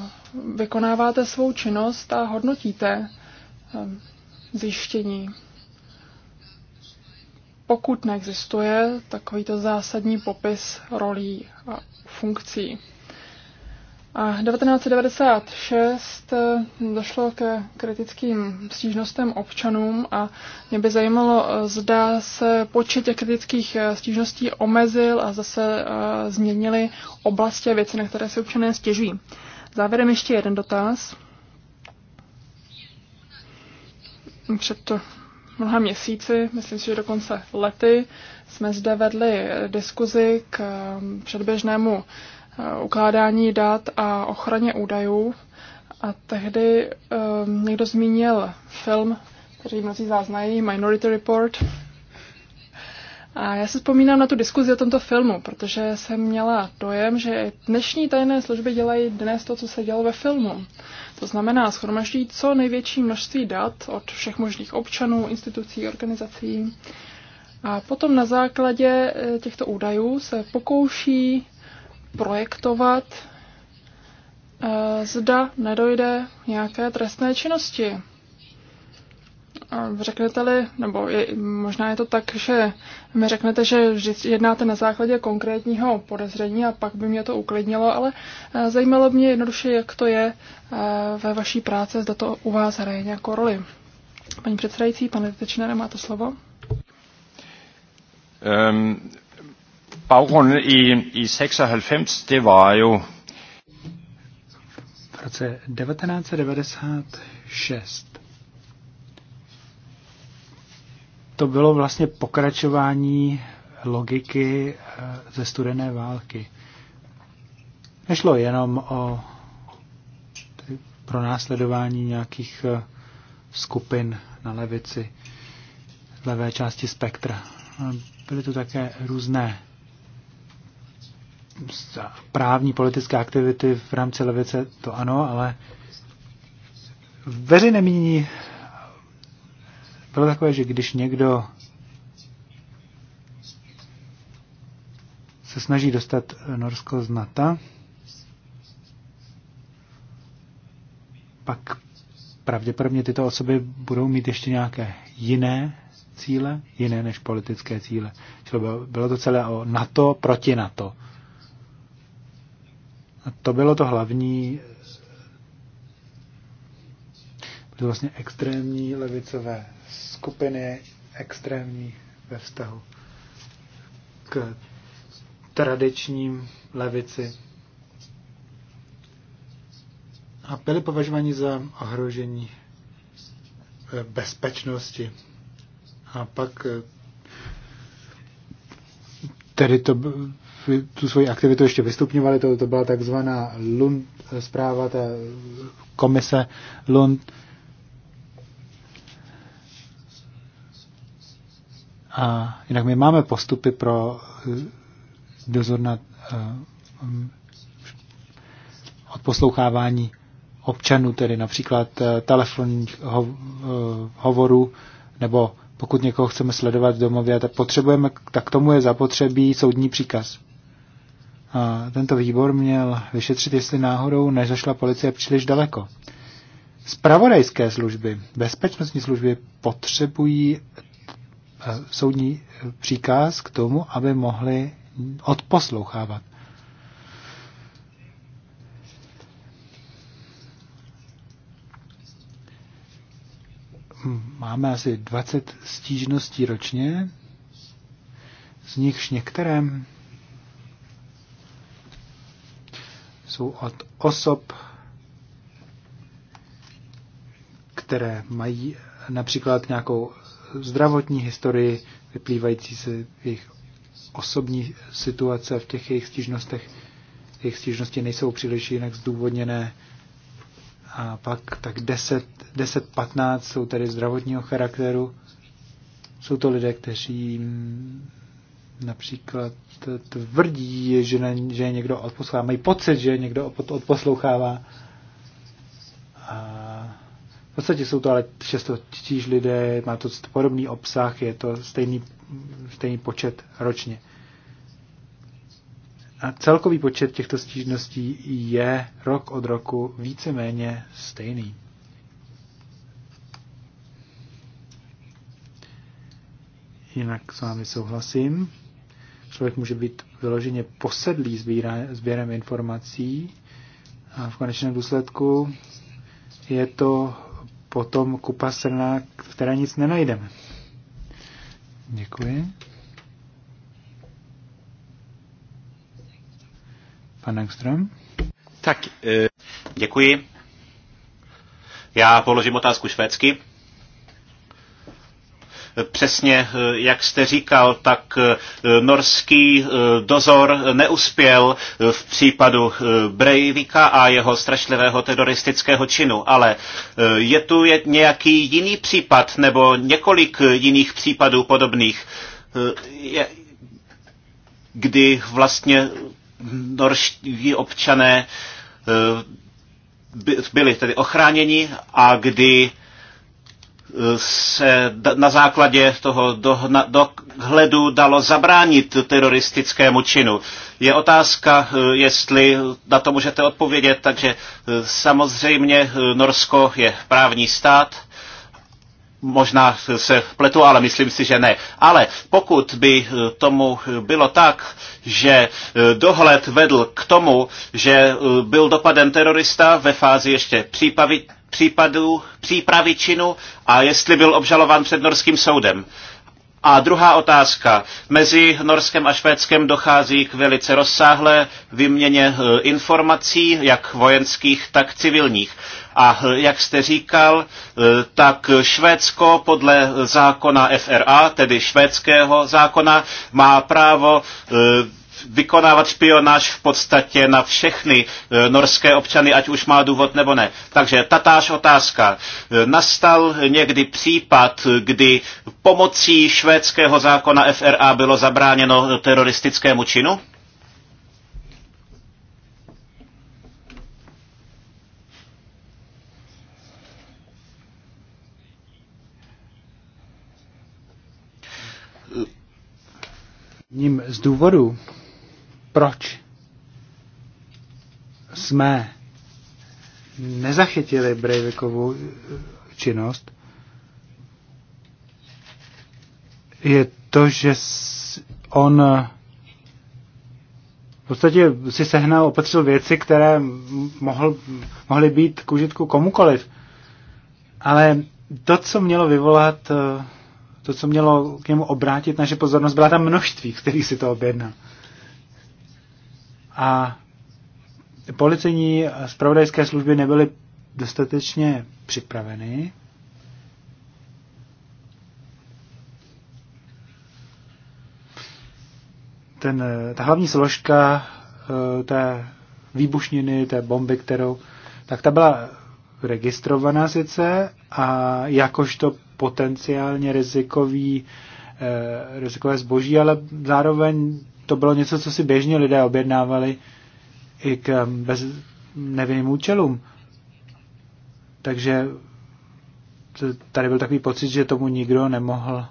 vykonáváte svou činnost a hodnotíte eh, zjištění pokud neexistuje takovýto zásadní popis rolí a funkcí. A 1996 eh, došlo ke kritickým stížnostem občanům a mě by zajímalo, eh, zda se počet těch kritických eh, stížností omezil a zase změnily oblasti a věci, na které se občané stěžují. Závěrem ještě jeden dotaz. Před mnoha měsíci, myslím si, že dokonce lety, jsme zde vedli diskuzi k um, předběžnému uh, ukládání dat a ochraně údajů. A tehdy um, někdo zmínil film, který mnozí záznají, Minority Report, a já si vzpomínám na tu diskuzi o tomto filmu, protože jsem měla dojem, že dnešní tajné služby dělají dnes to, co se dělo ve filmu. To znamená, schromaždí co největší množství dat od všech možných občanů, institucí, organizací. A potom na základě eh, těchto údajů se pokouší projektovat, eh, zda nedojde nějaké trestné činnosti Řeknete-li, nebo je, možná je to tak, že mi řeknete, že jednáte na základě konkrétního podezření a pak by mě to uklidnilo, ale eh, zajímalo mě jednoduše, jak to je eh, ve vaší práci, zda to u vás hraje nějakou roli. Paní předsedající, pane Tečnere, máte slovo. Um, Baugrunden i, i 96, to bylo... jo... V roce 1996 to bylo vlastně pokračování logiky eh, ze studené války. Nešlo jenom o pronásledování nějakých eh, skupin na levici, levé části spektra. Byly tu také různé právní politické aktivity v rámci levice, to ano, ale veřejné mínění bylo takové, že když někdo se snaží dostat Norsko z NATO, pak pravděpodobně tyto osoby budou mít ještě nějaké jiné cíle, jiné než politické cíle. Čili bylo to celé o NATO proti NATO. A to bylo to hlavní, byly vlastně extrémní levicové skupiny extrémní ve vztahu k tradičním levici a byli považováni za ohrožení eh, bezpečnosti. A pak eh, tedy to, tu svoji aktivitu ještě vystupňovali, to, to byla takzvaná Lund, eh, zpráva té komise Lund, A jinak my máme postupy pro eh, dozor nad eh, odposlouchávání občanů, tedy například eh, telefonních hovorů, nebo pokud někoho chceme sledovat v domově, tak potřebujeme, tak tomu je zapotřebí soudní příkaz. A tento výbor měl vyšetřit, jestli náhodou nezašla policie příliš daleko. Spravodajské služby, bezpečnostní služby potřebují soudní příkaz k tomu, aby mohli odposlouchávat. Máme asi 20 stížností ročně, z nichž některé jsou od osob, které mají například nějakou zdravotní historii, vyplývající se jejich osobní situace v těch jejich stížnostech. Jejich stížnosti nejsou příliš jinak zdůvodněné. A pak tak 10-15 jsou tedy zdravotního charakteru. Jsou to lidé, kteří například tvrdí, že, ne, že je někdo odposlouchává, mají pocit, že je někdo odposlouchává podstatě jsou to ale často tíž lidé, má to podobný obsah, je to stejný, stejný počet ročně. A celkový počet těchto stížností je rok od roku víceméně stejný. Jinak s vámi souhlasím. Člověk může být vyloženě posedlý sběrem informací a v konečném důsledku je to potom kupa srna, v které nic nenajdeme. Děkuji. Pan Engström? Tak, eh, děkuji. Já položím otázku švédsky. Přesně eh, jak jste říkal, tak eh, norský eh, dozor neuspěl v případu Breivika a jeho strašlivého teroristického činu, ale je tu nějaký jiný případ nebo několik jiných případů podobných, kdy vlastně norští občané byli tedy ochráněni a kdy se na základě toho dohledu dalo zabránit teroristickému činu. Je otázka, eh, jestli na to můžete odpovědět, takže eh, samozřejmě eh, Norsko je právní stát, možná se pletu, ale myslím si, že ne. Ale pokud by tomu bylo tak, že dohled vedl k tomu, že byl dopaden terorista ve fázi ještě přípavy, případů přípravy činu a jestli byl obžalován před norským soudem. A druhá otázka. Mezi Norskem a Švédskem dochází k velice rozsáhlé výměně eh, informací, jak vojenských, tak civilních. A eh, jak jste říkal, eh, tak Švédsko podle zákona FRA, tedy švédského zákona, má právo vykonávat špionáž v podstatě na všechny e, norské občany, ať už má důvod nebo ne. Takže tatáž otázka. E, nastal někdy případ, kdy pomocí švédského zákona FRA bylo zabráněno teroristickému činu? Ním z důvodu, proč jsme nezachytili Breivikovu eh, činnost, je to, že on eh, v podstatě si sehnal, opatřil věci, které mohl, mohly být k užitku komukoliv. Ale to, co mělo vyvolat, eh, to, co mělo k němu obrátit naše pozornost, byla ta množství, který si to objednal a policejní a spravodajské služby nebyly dostatečně připraveny. Ten, eh, ta hlavní složka eh, té výbušniny, té bomby, kterou, tak ta byla registrovaná sice a jakožto potenciálně rizikový, eh, rizikové zboží, ale zároveň to bylo něco, co si běžně lidé objednávali i k eh, bez, nevinným účelům. Takže tady byl takový pocit, že tomu nikdo nemohl uh,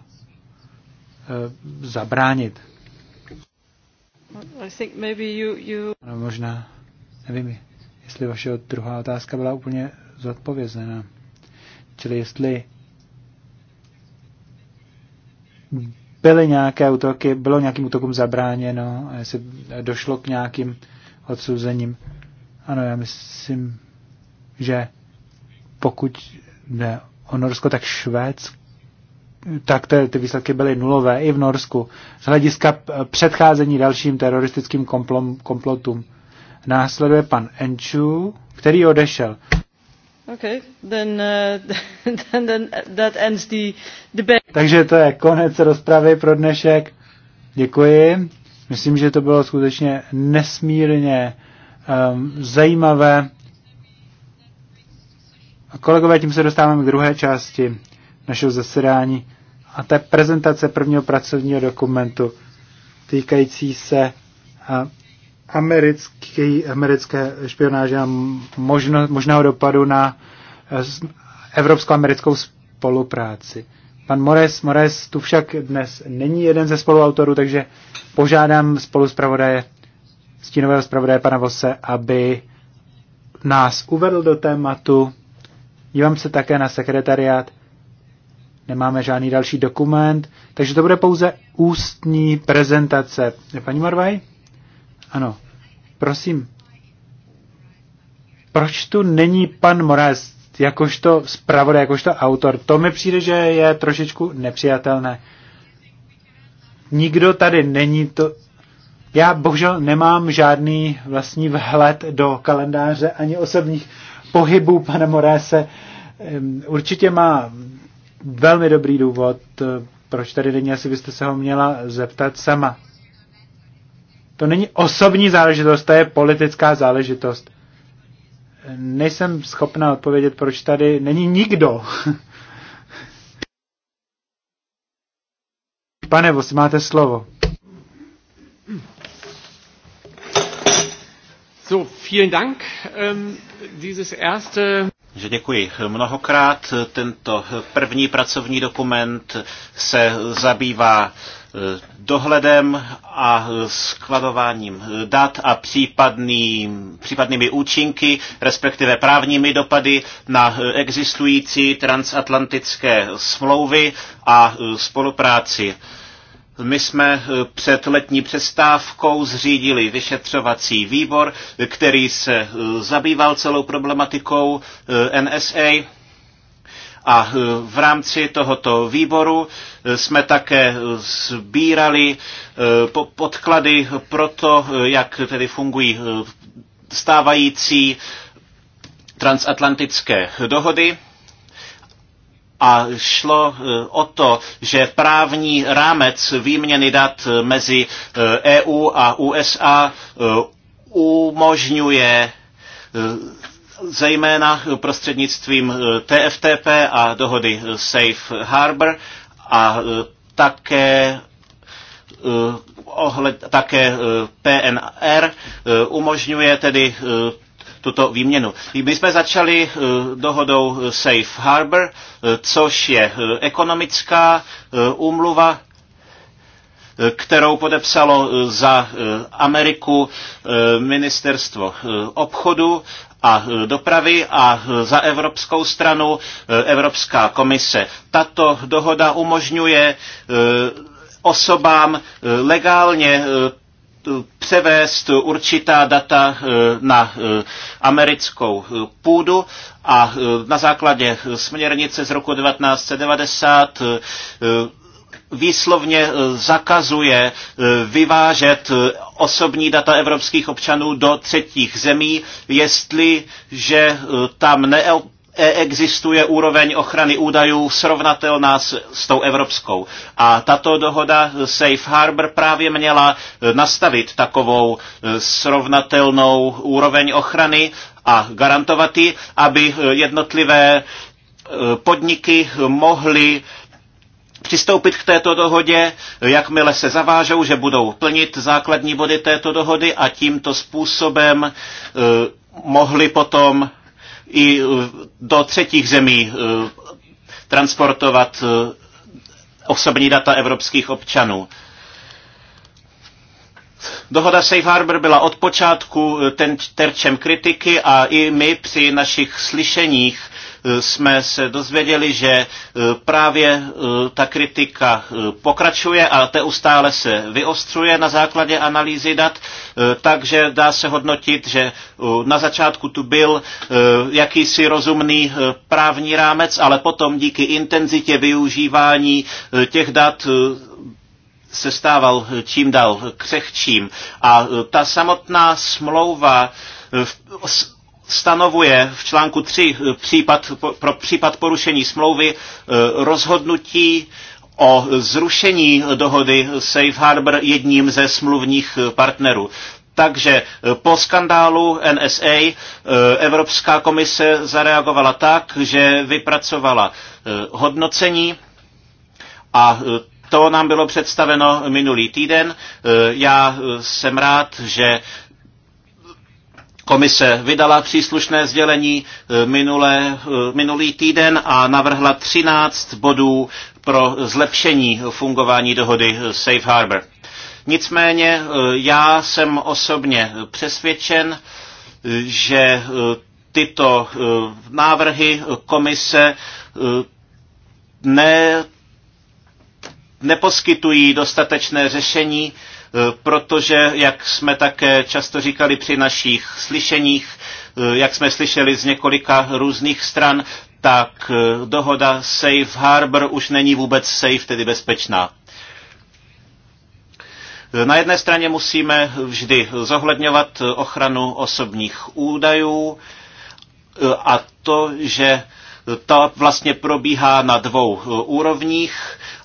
zabránit. I think maybe you, you... No, možná, nevím, jestli vaše druhá otázka byla úplně zodpovězená, Čili jestli byly nějaké útoky, bylo nějakým útokům zabráněno, jestli došlo k nějakým odsouzením. Ano, já myslím, že pokud jde o Norsko, tak Švédsko tak te, ty výsledky byly nulové i v Norsku. Z hlediska předcházení dalším teroristickým komplom, komplotům. Následuje pan Enchu, který odešel. Okay, then, uh, then, then that ends the debate. Takže to je konec rozpravy pro dnešek. Děkuji. Myslím, že to bylo skutečně nesmírně um, zajímavé. A kolegové, tím se dostáváme k druhé části našeho zasedání a to je prezentace prvního pracovního dokumentu týkající se americký, americké špionáže a možno, možného dopadu na eh, evropsko-americkou spolupráci. Pan Mores, Mores tu však dnes není jeden ze spoluautorů, takže požádám spolu zpravodaje, stínového zpravodaje pana Vose, aby nás uvedl do tématu. Dívám se také na sekretariát. Nemáme žádný další dokument, takže to bude pouze ústní prezentace. Paní Marvaj? Ano, prosím. Proč tu není pan Moraes jakožto zpravodaj, jakožto autor? To mi přijde, že je trošičku nepřijatelné. Nikdo tady není to... Já bohužel nemám žádný vlastní vhled do kalendáře ani osobních pohybů pana Morése. Určitě má velmi dobrý důvod, proč tady není, asi byste se ho měla zeptat sama. To není osobní záležitost, to je politická záležitost. Nejsem schopná odpovědět, proč tady není nikdo. Pane Vos, máte slovo. So, vielen Dank. Um, dieses erste že děkuji mnohokrát. Tento první pracovní dokument se zabývá Eh, dohledem a skladováním dat a případný, případnými účinky, respektive právními dopady na existující transatlantické smlouvy a eh, spolupráci. My jsme eh, před letní přestávkou zřídili vyšetřovací výbor, který se zabýval celou problematikou NSA a eh, v rámci tohoto výboru eh, jsme také eh, sbírali podklady pro to, jak tedy fungují stávající transatlantické dohody a šlo o to, že právní rámec výměny dat mezi EU e a USA umožňuje zejména prostřednictvím eh, TFTP a dohody eh, Safe Harbor a eh, také ohled, také PNR umožňuje tedy tuto výměnu. My jsme začali dohodou Safe Harbor, což je ekonomická úmluva, kterou podepsalo e, za e, Ameriku e, ministerstvo obchodu a dopravy a za evropskou stranu Evropská komise. Tato dohoda umožňuje osobám legálně převést určitá data na americkou půdu a na základě směrnice z roku 1990 výslovně e, zakazuje e, vyvážet e, osobní data evropských občanů do třetích zemí, jestliže tam ne existuje úroveň ochrany údajů srovnatelná s, s tou evropskou. A tato dohoda Safe Harbor právě měla nastavit takovou srovnatelnou úroveň ochrany a garantovat ji, aby jednotlivé podniky mohly přistoupit k této dohodě, jakmile se zavážou, že budou plnit základní body této dohody a tímto způsobem e, mohli potom i e, do třetích zemí e, transportovat osobní data evropských občanů. Dohoda Safe Harbor byla od počátku ten, terčem kritiky a i my při našich slyšeních Eh, jsme se dozvěděli, že eh, právě eh, ta kritika pokračuje a ustále se vyostřuje na základě analýzy dat, takže dá se hodnotit, že na začátku tu byl jakýsi rozumný právní rámec, ale potom díky intenzitě využívání těch dat se stával čím dál křehčím. A ta samotná smlouva stanovuje v článku 3 eh, případ, pro případ porušení smlouvy eh, rozhodnutí o zrušení dohody Safe Harbor jedním ze smluvních eh, partnerů. Takže po skandálu NSA Evropská komise zareagovala tak, že vypracovala hodnocení a to nám bylo představeno minulý týden. Já jsem rád, že Komise vydala příslušné sdělení eh, minulé, eh, minulý týden a navrhla 13 bodů pro zlepšení fungování dohody eh, Safe Harbor. Nicméně já jsem osobně přesvědčen, že tyto návrhy komise ne, neposkytují dostatečné řešení Eh, protože, jak jsme také často říkali při našich slyšeních, eh, jak jsme slyšeli z několika různých stran, tak eh, dohoda Safe Harbor už není vůbec safe, tedy bezpečná. Na jedné straně musíme vždy zohledňovat ochranu osobních údajů a to, že to vlastně probíhá na dvou úrovních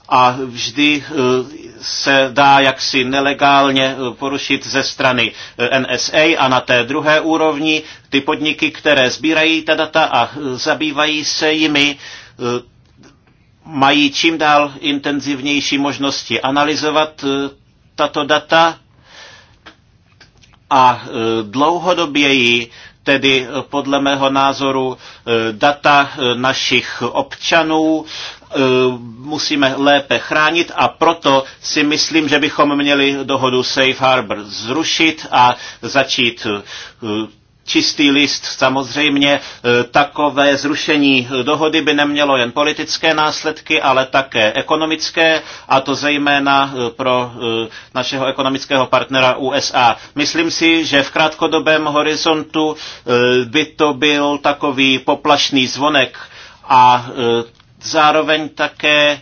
a vždy eh, se dá jaksi nelegálně eh, porušit ze strany eh, NSA a na té druhé úrovni ty podniky, které sbírají ta data a zabývají se jimi, mají čím dál intenzivnější možnosti analyzovat tato data a dlouhodoběji tedy podle mého názoru data našich občanů Eh, musíme lépe chránit a proto si myslím, že bychom měli dohodu Safe Harbor zrušit a začít eh, čistý list. Samozřejmě eh, takové zrušení dohody by nemělo jen politické následky, ale také ekonomické, a to zejména pro našeho ekonomického partnera USA. Myslím si, že v krátkodobém horizontu by to byl takový poplašný zvonek a zároveň také e,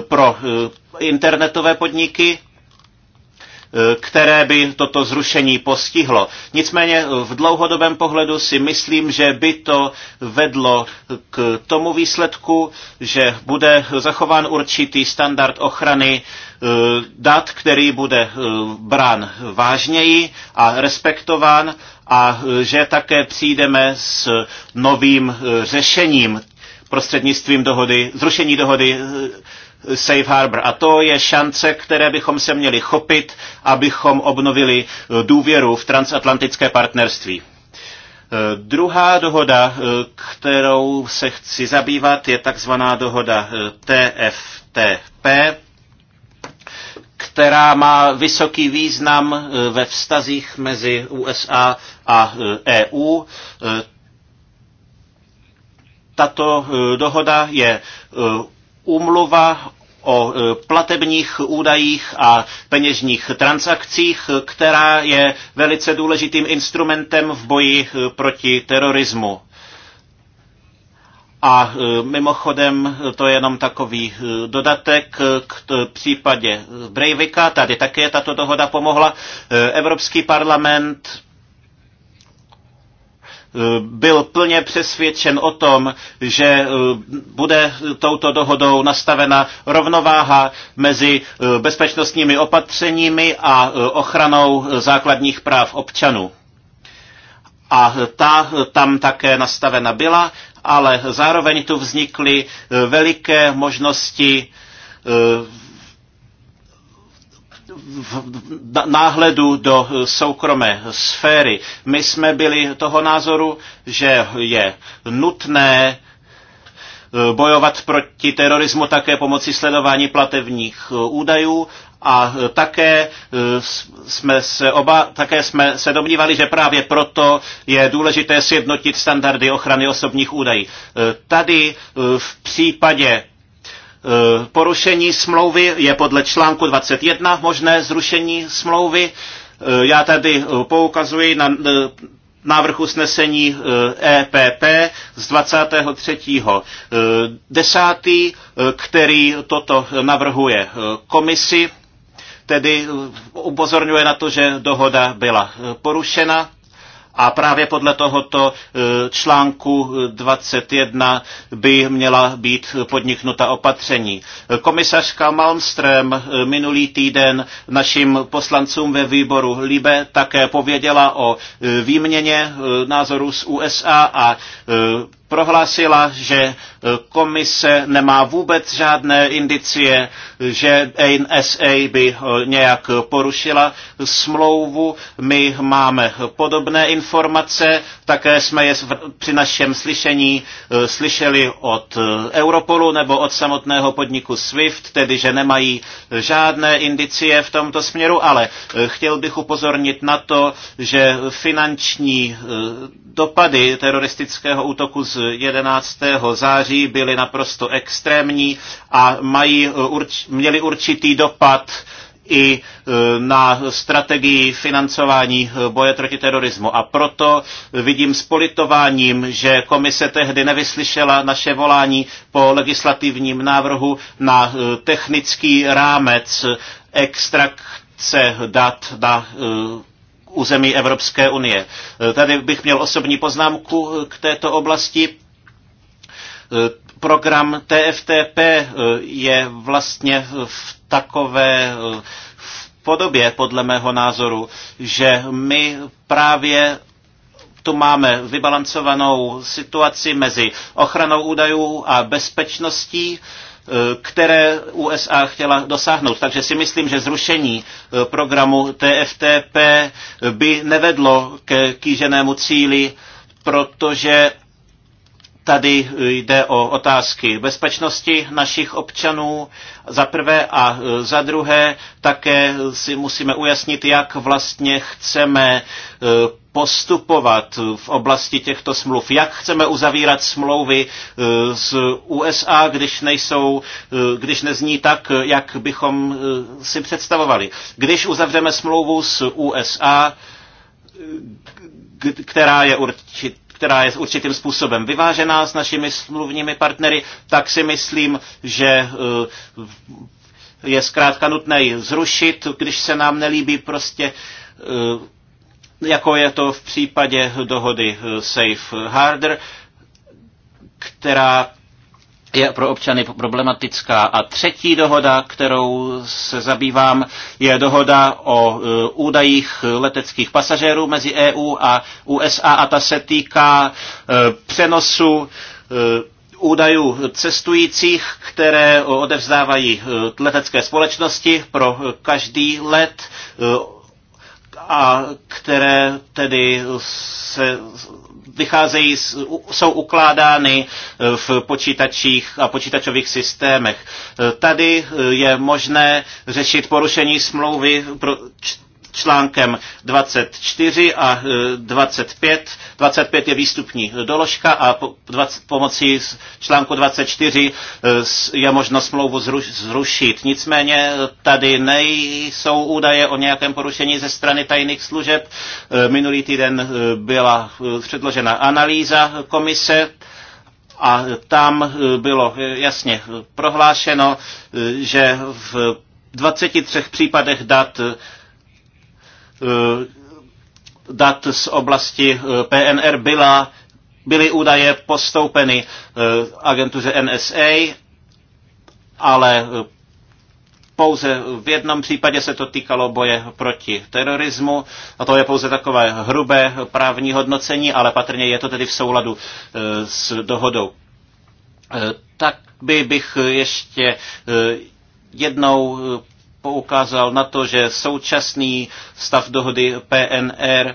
pro e, internetové podniky, e, které by toto zrušení postihlo. Nicméně v dlouhodobém pohledu si myslím, že by to vedlo k tomu výsledku, že bude zachován určitý standard ochrany dat, který bude brán vážněji a respektován a že také přijdeme s novým řešením prostřednictvím dohody, zrušení dohody eh, Safe Harbor. A to je šance, které bychom se měli chopit, abychom obnovili eh, důvěru v transatlantické partnerství. Eh, druhá dohoda, kterou se chci zabývat, je takzvaná dohoda TFTP, která má vysoký význam ve vztazích mezi USA a EU. E tato eh, dohoda je eh, úmluva o eh, platebních údajích a peněžních transakcích, která je velice důležitým instrumentem v boji proti terorismu. A mimochodem, to je jenom takový dodatek k případě Breivika. Tady také tato dohoda pomohla. Evropský parlament byl plně přesvědčen o tom, že e, bude touto dohodou nastavena rovnováha mezi e, bezpečnostními opatřeními a e, ochranou základních práv občanů. A ta tam také nastavena byla, ale zároveň tu vznikly veliké možnosti náhledu do eh, soukromé sféry. My jsme byli toho názoru, že je nutné eh, bojovat proti terorismu také pomocí sledování platebních eh, údajů a také jsme, se oba, také jsme se domnívali, že právě proto je důležité sjednotit standardy ochrany osobních údajů. Tady v případě Eh, porušení smlouvy je podle článku 21 možné zrušení smlouvy. Eh, já tady eh, poukazuji na návrh usnesení EPP e z 23. který toto navrhuje komisi, tedy upozorňuje na to, že dohoda byla porušena a právě podle tohoto e, článku 21 by měla být podniknuta opatření. Komisařka Malmström e, minulý týden našim poslancům ve výboru Libe také pověděla o e, výměně názorů z USA a prohlásila, že e, komise nemá vůbec žádné indicie, že NSA by e, nějak porušila smlouvu. My máme podobné informace, také jsme je při našem slyšení e, slyšeli od Europolu nebo od samotného podniku SWIFT, tedy že nemají žádné indicie v tomto směru, ale chtěl bych upozornit na to, že finanční dopady teroristického útoku z 11. září byly naprosto extrémní a mají, eh, měli určitý dopad i eh, na strategii financování eh, boje proti terorismu. A proto vidím s politováním, že komise tehdy nevyslyšela naše volání po legislativním návrhu na technický rámec extrakce dat na území Evropské unie. Eh, tady bych měl osobní poznámku eh, k této oblasti. Eh, program TFTP je vlastně v takové v podobě, podle mého názoru, že my právě tu máme vybalancovanou situaci mezi ochranou údajů a bezpečností Eh, které USA chtěla dosáhnout. Takže si myslím, že zrušení eh, programu TFTP by nevedlo ke kýženému cíli, protože Tady jde o otázky bezpečnosti našich občanů za prvé a e, za druhé také si musíme ujasnit, jak vlastně chceme e, postupovat v oblasti těchto smluv. Jak chceme uzavírat smlouvy e, z USA, když, nejsou, když nezní tak, jak bychom si představovali. Když uzavřeme smlouvu s USA, která je určitě která je určitým způsobem vyvážená s našimi smluvními partnery, tak si myslím, že eh, je zkrátka nutné ji zrušit, když se nám nelíbí prostě eh, jako je to v případě dohody eh, Safe Harder, která je pro občany problematická. A třetí dohoda, kterou se zabývám, je dohoda o eh, údajích leteckých pasažérů mezi EU a USA a ta se týká eh, přenosu eh, údajů cestujících, které odevzdávají letecké společnosti pro každý let a které tedy se vycházejí, jsou ukládány e, v počítačích a počítačových systémech. E, tady e, je možné řešit porušení smlouvy pro článkem 24 a 25. E, 25 je výstupní doložka a pomocí článku 24 e, je možno smlouvu zrušit. Nicméně e, tady nejsou údaje o nějakém porušení ze strany tajných služeb. Minulý týden byla předložena analýza komise a tam bylo jasně prohlášeno, že v 23 případech dat Eh, dat z oblasti eh, PNR byla, byly údaje postoupeny eh, agentuře NSA, ale pouze v jednom případě se to týkalo boje proti terorismu a to je pouze takové hrubé právní hodnocení, ale patrně je to tedy v souladu s dohodou. Tak by bych ještě jednou poukázal na to, že současný stav dohody PNR eh,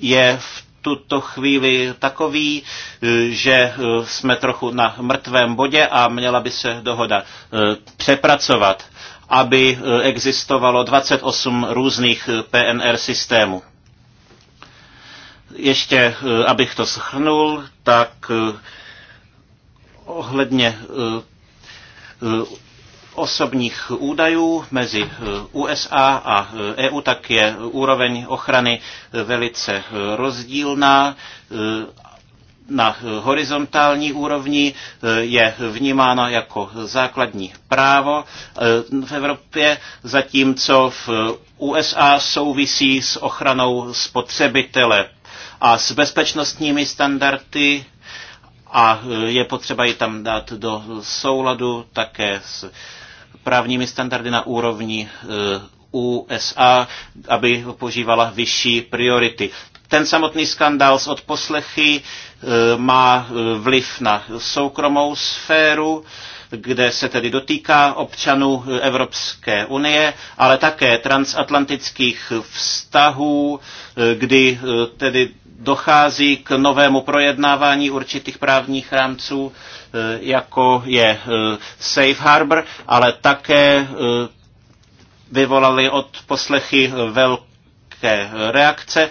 je v tuto chvíli takový, eh, že eh, jsme trochu na mrtvém bodě a měla by se dohoda přepracovat, aby existovalo 28 různých PNR systémů. Ještě, abych to schrnul, tak ohledně osobních údajů mezi eh, USA a EU, eh, e tak je úroveň ochrany eh, velice rozdílná na horizontální úrovni je vnímána jako základní právo v Evropě, zatímco v USA souvisí s ochranou spotřebitele a s bezpečnostními standardy a je potřeba ji tam dát do souladu také s právními standardy na úrovni e, USA, aby požívala vyšší priority. Ten samotný skandál s odposlechy e, má e, vliv na soukromou sféru, kde se tedy dotýká občanů Evropské unie, ale také transatlantických vztahů, kdy tedy dochází k novému projednávání určitých právních rámců, e, jako je e, Safe Harbor, ale také e, vyvolali od poslechy velké reakce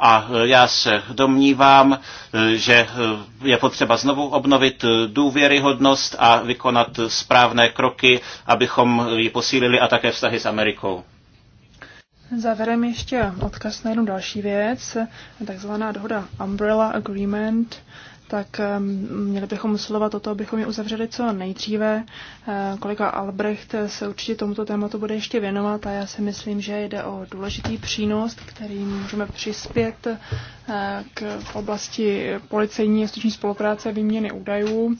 a já se domnívám, že je potřeba znovu obnovit důvěryhodnost a vykonat správné kroky, abychom ji posílili a také vztahy s Amerikou. Závěrem ještě odkaz na jednu další věc, takzvaná dohoda Umbrella Agreement, tak měli bychom usilovat o to, abychom ji uzavřeli co nejdříve. Eh, kolega Albrecht se určitě tomuto tématu bude ještě věnovat a já si myslím, že jde o důležitý přínos, který můžeme přispět k oblasti policejní a styční spolupráce výměny údajů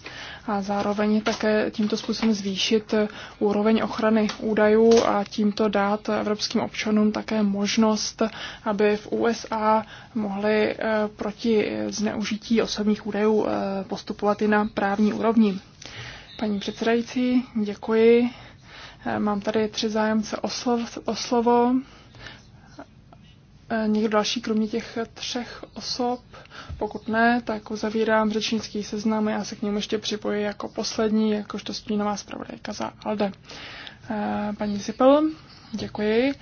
a zároveň také tímto způsobem zvýšit úroveň ochrany údajů a tímto dát evropským občanům také možnost, aby v USA mohli eh, proti zneužití osobních údajů eh, postupovat i na právní úrovni. Paní předsedající, děkuji. Eh, mám tady tři zájemce o slovo. Eh, někdo další, kromě těch třech osob? Pokud ne, tak uzavírám řečnický seznam. Já se k němu ještě připoji jako poslední, jakožto stínová zpravodajka za ALDE. Eh, paní Zipel, děkuji.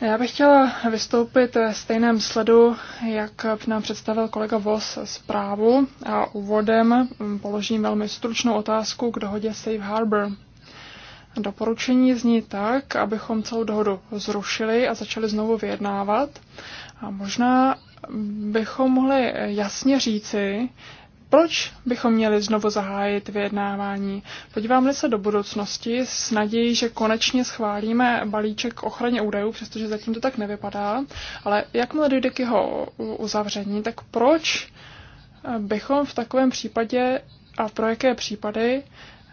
Já bych chtěla vystoupit v stejném sledu, jak nám představil kolega Vos zprávu a úvodem hm, položím velmi stručnou otázku k dohodě Safe Harbor. Doporučení zní tak, abychom celou dohodu zrušili a začali znovu vyjednávat. A možná bychom mohli jasně říci, proč bychom měli znovu zahájit vyjednávání? Podíváme se do budoucnosti s nadějí, že konečně schválíme balíček ochraně údajů, přestože zatím to tak nevypadá, ale jakmile dojde k jeho uzavření, tak proč bychom v takovém případě a pro jaké případy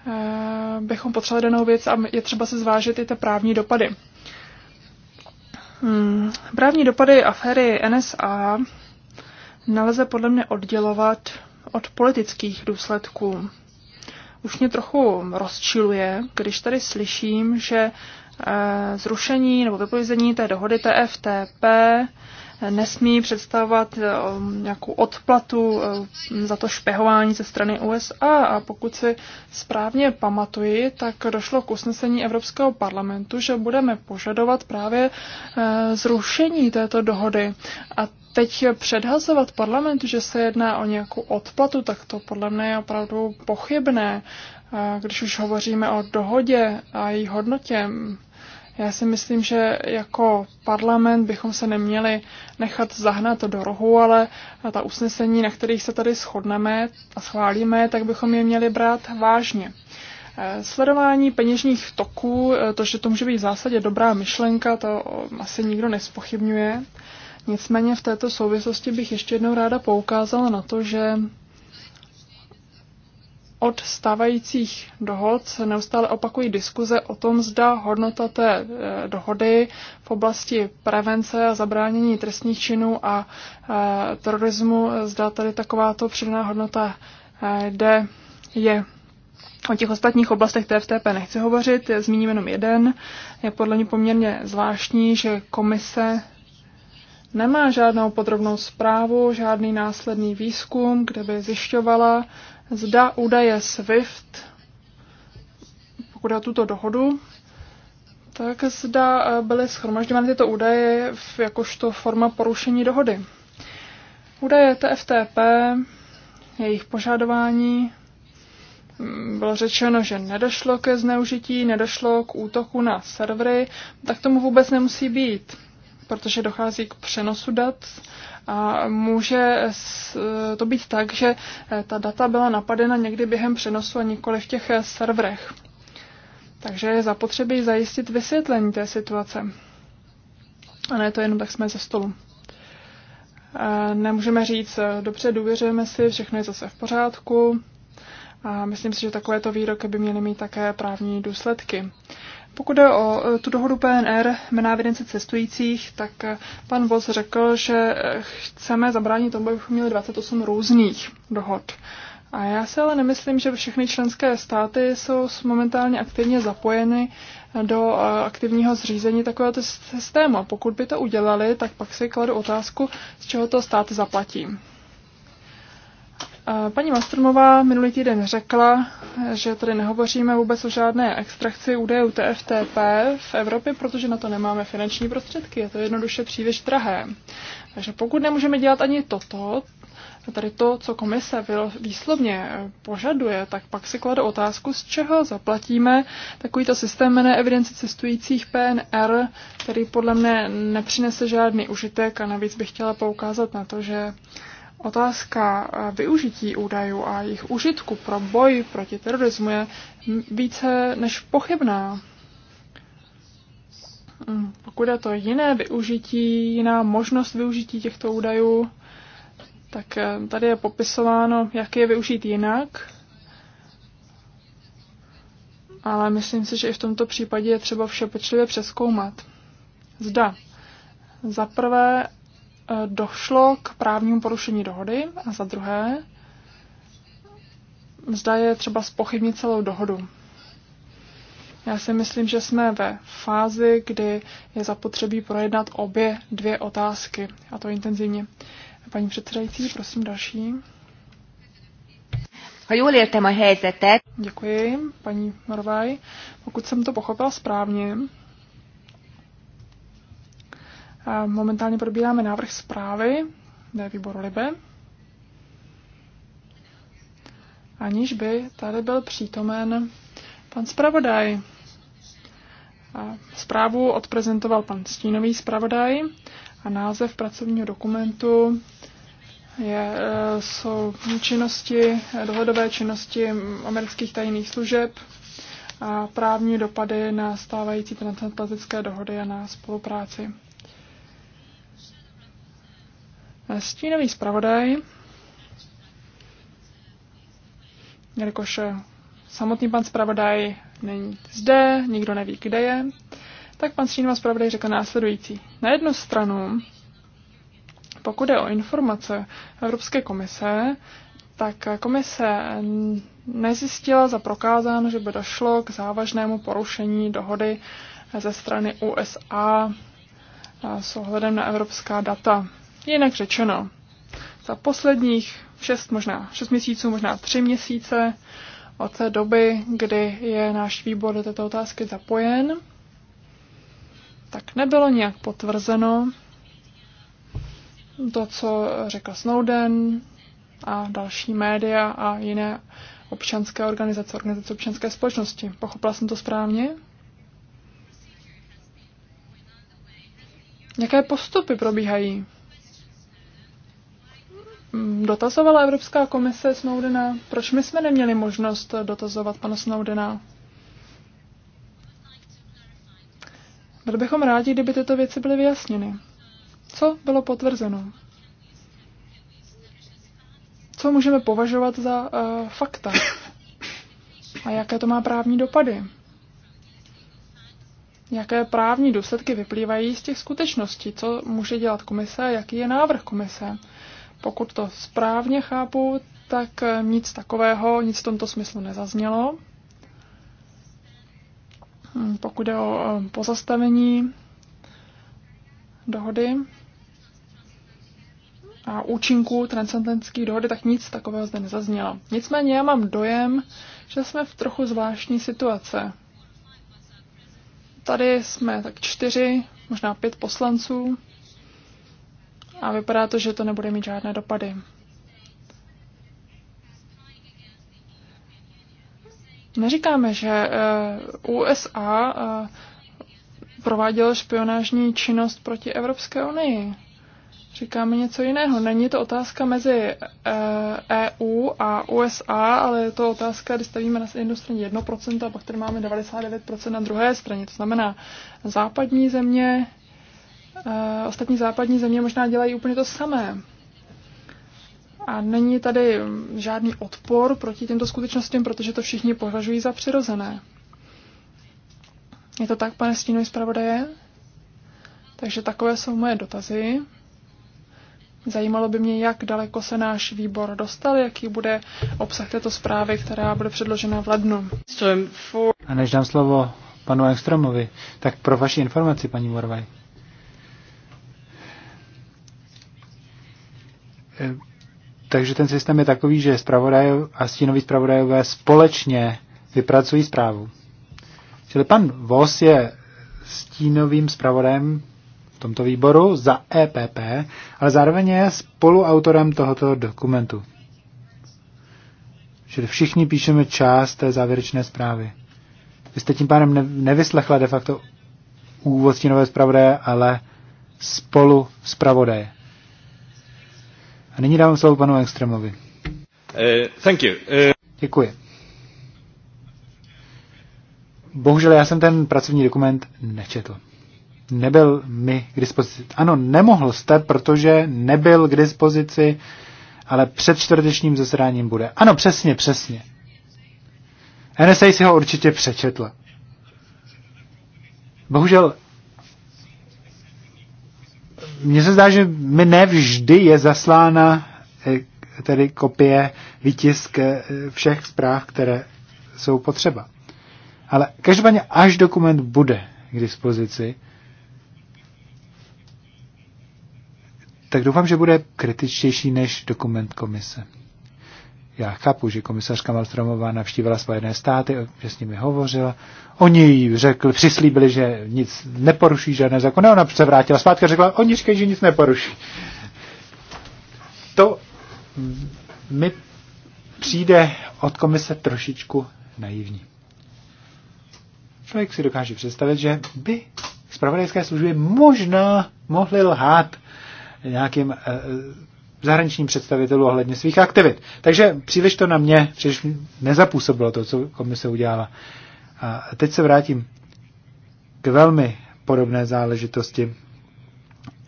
Eh, bychom potřebovali danou věc a je třeba se zvážit i ty právní dopady. Hmm. Právní dopady aféry NSA nelze podle mě oddělovat od politických důsledků. Už mě trochu rozčiluje, když tady slyším, že eh, zrušení nebo vypovězení té dohody TFTP nesmí představovat eh, nějakou odplatu eh, za to špehování ze strany USA. A pokud si správně pamatuji, tak došlo k usnesení Evropského parlamentu, že budeme požadovat právě eh, zrušení této dohody. A teď předhazovat parlamentu, že se jedná o nějakou odplatu, tak to podle mne je opravdu pochybné, když už hovoříme o dohodě a její hodnotě. Já si myslím, že jako parlament bychom se neměli nechat zahnat do rohu, ale ta usnesení, na kterých se tady shodneme a schválíme, tak bychom je měli brát vážně. Eh, sledování peněžních toků, eh, to, že to může být v zásadě dobrá myšlenka, to eh, asi nikdo nespochybňuje. Nicméně v této souvislosti bych ještě jednou ráda poukázala na to, že od stávajících dohod se neustále opakují diskuze o tom, zda hodnota té e, dohody v oblasti prevence a zabránění trestních činů a e, terorismu, zda tady takováto přidaná hodnota e, jde, je O těch ostatních oblastech TFTP nechci hovořit, zmíním jenom jeden. Je podle mě poměrně zvláštní, že komise nemá žádnou podrobnou zprávu, žádný následný výzkum, kde by zjišťovala, zda údaje SWIFT, pokud je tuto dohodu, tak zda eh, byly schromažďovány tyto údaje v jakožto forma porušení dohody. Údaje TFTP, jejich požadování, mm, bylo řečeno, že nedošlo ke zneužití, nedošlo k útoku na servery, tak tomu vůbec nemusí být, protože dochází k přenosu dat a může to být tak, že eh, ta data byla napadena někdy během přenosu a nikoli v těch eh, serverech. Takže je zapotřebí zajistit vysvětlení té situace. A ne to jenom tak jsme ze stolu. Eh, nemůžeme říct, dobře, důvěřujeme si, všechno je zase v pořádku. A myslím si, že takovéto výroky by měly mít také právní důsledky. Pokud jde o e, tu dohodu PNR, jmená evidence cestujících, tak e, pan Vos řekl, že e, chceme zabránit tomu, abychom měli 28 různých dohod. A já si ale nemyslím, že všechny členské státy jsou momentálně aktivně zapojeny do aktivního zřízení takového systému. A pokud by to udělali, tak pak si kladu otázku, z čeho to státy zaplatí. Paní Mastromová minulý týden řekla, že tady nehovoříme vůbec o žádné extrakci údajů TFTP v Evropě, protože na to nemáme finanční prostředky. Je to jednoduše příliš drahé. Takže pokud nemůžeme dělat ani toto, tady to, co komise výslovně požaduje, tak pak si kladu otázku, z čeho zaplatíme takovýto systém jmené evidence cestujících PNR, který podle mne nepřinese žádný užitek a navíc bych chtěla poukázat na to, že otázka eh, využití údajů a jejich užitku pro boj proti terorismu je více než pochybná. Mm, pokud je to jiné využití, jiná možnost využití těchto údajů, tak eh, tady je popisováno, jak je využít jinak. Ale myslím si, že i v tomto případě je třeba vše pečlivě přeskoumat. Zda. Za prvé Eh, došlo k právnímu porušení dohody a za druhé, zda je třeba spochybnit celou dohodu. Já si myslím, že jsme ve fázi, kdy je zapotřebí projednat obě dvě otázky, a to intenzivně. Paní předsedající, prosím další. Ha jól értem a helyzetet. Děkuji, paní Morvaj. Pokud jsem to pochopila správně, Momentálně probíráme návrh zprávy ve výboru Libe, aniž by tady byl přítomen pan zpravodaj. Zprávu odprezentoval pan stínový zpravodaj a název pracovního dokumentu je, e, jsou činnosti, dohodové činnosti amerických tajných služeb a právní dopady na stávající transatlantické dohody a na spolupráci. Stínový zpravodaj, jelikož samotný pan zpravodaj není zde, nikdo neví, kde je, tak pan stínový zpravodaj řekl následující. Na jednu stranu, pokud je o informace Evropské komise, tak komise nezjistila za prokázáno, že by došlo k závažnému porušení dohody ze strany USA eh, s ohledem na evropská data. Jinak řečeno, za posledních šest možná šest měsíců, možná tři měsíce od té doby, kdy je náš výbor do této otázky zapojen, tak nebylo nějak potvrzeno to, co řekl Snowden a další média a jiné občanské organizace, organizace občanské společnosti. Pochopila jsem to správně? Jaké postupy probíhají? dotazovala Evropská komise Snowdena? Proč my jsme neměli možnost dotazovat pana Snowdena? Byli bychom rádi, kdyby tyto věci byly vyjasněny. Co bylo potvrzeno? Co můžeme považovat za uh, fakta? A jaké to má právní dopady? Jaké právní důsledky vyplývají z těch skutečností? Co může dělat komise? Jaký je návrh komise? Pokud to správně chápu, tak eh, nic takového, nic v tomto smyslu nezaznělo. Hmm, pokud je o eh, pozastavení dohody a účinku transcendentské dohody, tak nic takového zde nezaznělo. Nicméně já mám dojem, že jsme v trochu zvláštní situace. Tady jsme tak čtyři, možná pět poslanců, a vypadá to, že to nebude mít žádné dopady. Neříkáme, že eh, USA eh, prováděl špionážní činnost proti Evropské unii. Říkáme něco jiného. Není to otázka mezi EU eh, e a USA, ale je to otázka, kdy stavíme na jednu straně 1% a pak tady máme 99% na druhé straně. To znamená, západní země Eh, ostatní západní země možná dělají úplně to samé. A není tady mm, žádný odpor proti těmto skutečnostem, protože to všichni považují za přirozené. Je to tak, pane stínový zpravodaje? Takže takové jsou moje dotazy. Zajímalo by mě, jak daleko se náš výbor dostal, jaký bude obsah této zprávy, která bude předložena v lednu. A než dám slovo panu Engstromovi, tak pro vaši informaci, paní Morvaj, takže ten systém je takový, že zpravodaj a stínoví zpravodajové společně vypracují zprávu. Čili pan Vos je stínovým zpravodajem v tomto výboru za EPP, ale zároveň je spoluautorem tohoto dokumentu. Čili všichni píšeme část té závěrečné zprávy. Vy jste tím pádem nevyslechla de facto úvod stínové zpravodaje, ale spolu zpravodaje. A nyní dávám slovo panu Extremovi. Uh, eh, thank you. Uh... Děkuji. Bohužel já jsem ten pracovní dokument nečetl. Nebyl mi k dispozici. Ano, nemohl jste, protože nebyl k dispozici, ale před čtvrtečním zasedáním bude. Ano, přesně, přesně. NSA si ho určitě přečetla. Bohužel mně se zdá, že mi nevždy je zaslána eh, tedy kopie, výtisk eh, všech zpráv, které jsou potřeba. Ale každopádně, až dokument bude k dispozici, tak doufám, že bude kritičtější než dokument komise. Já chápu, že komisařka Malstromová navštívila Spojené státy, že s nimi hovořila. Oni jí řekli, přislíbili, že nic neporuší, žádné zákony. Ona se vrátila zpátky a řekla, oni říkají, že nic neporuší. To mi přijde od komise trošičku naivní. Člověk si dokáže představit, že by zpravodajské služby možná mohly lhát nějakým eh, zahraničním představitelů ohledně svých aktivit. Takže příliš to na mě příliš nezapůsobilo to, co komise udělala. A teď se vrátím k velmi podobné záležitosti,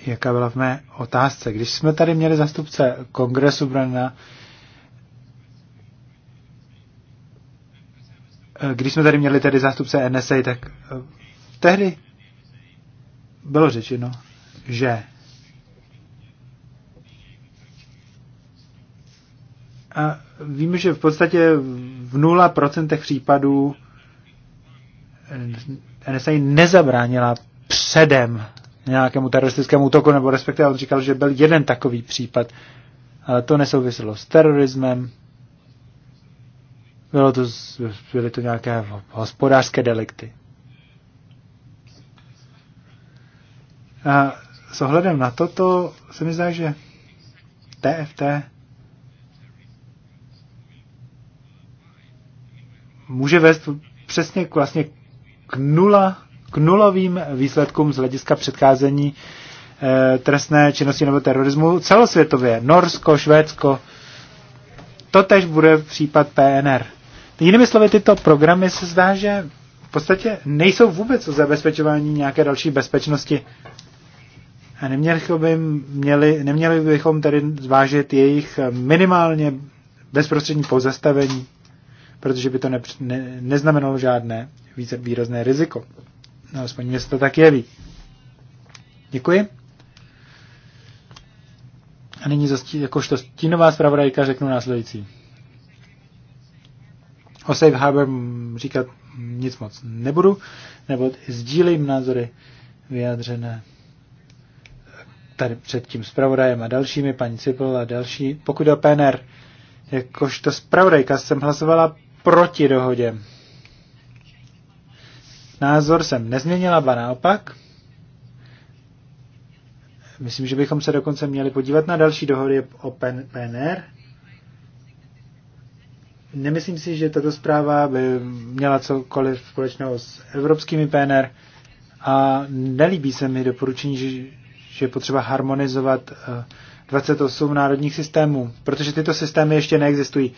jaká byla v mé otázce. Když jsme tady měli zastupce kongresu Brana, když jsme tady měli tady zástupce NSA, tak eh, tehdy bylo řečeno, že A víme, že v podstatě v 0% případů NSA nezabránila předem nějakému teroristickému útoku, nebo respektive on říkal, že byl jeden takový případ, ale to nesouviselo s terorismem, bylo to, byly to nějaké hospodářské delikty. A s ohledem na toto se mi zdá, že TFT může vést přesně k, vlastně k, nula, k nulovým výsledkům z hlediska předcházení e, trestné činnosti nebo terorismu celosvětově. Norsko, Švédsko, to tež bude případ PNR. Jinými slovy, tyto programy se zdá, že v podstatě nejsou vůbec o zabezpečování nějaké další bezpečnosti. A neměli, bychom měli, neměli bychom tedy zvážit jejich minimálně bezprostřední pozastavení protože by to ne, ne, neznamenalo žádné více výrazné riziko. No, aspoň mě se to tak jeví. Děkuji. A nyní jakožto stínová zpravodajka řeknu následující. O Safe Harbor říkat nic moc nebudu, nebo sdílím názory vyjádřené tady před tím zpravodajem a dalšími, paní Cipl a další. Pokud o PNR, jakožto zpravodajka jsem hlasovala proti dohodě. Názor jsem nezměnila, ba naopak. Myslím, že bychom se dokonce měli podívat na další dohody o PNR. Nemyslím si, že tato zpráva by měla cokoliv společného s evropskými PNR a nelíbí se mi doporučení, že je potřeba harmonizovat 28 eh, národních systémů, protože tyto systémy ještě neexistují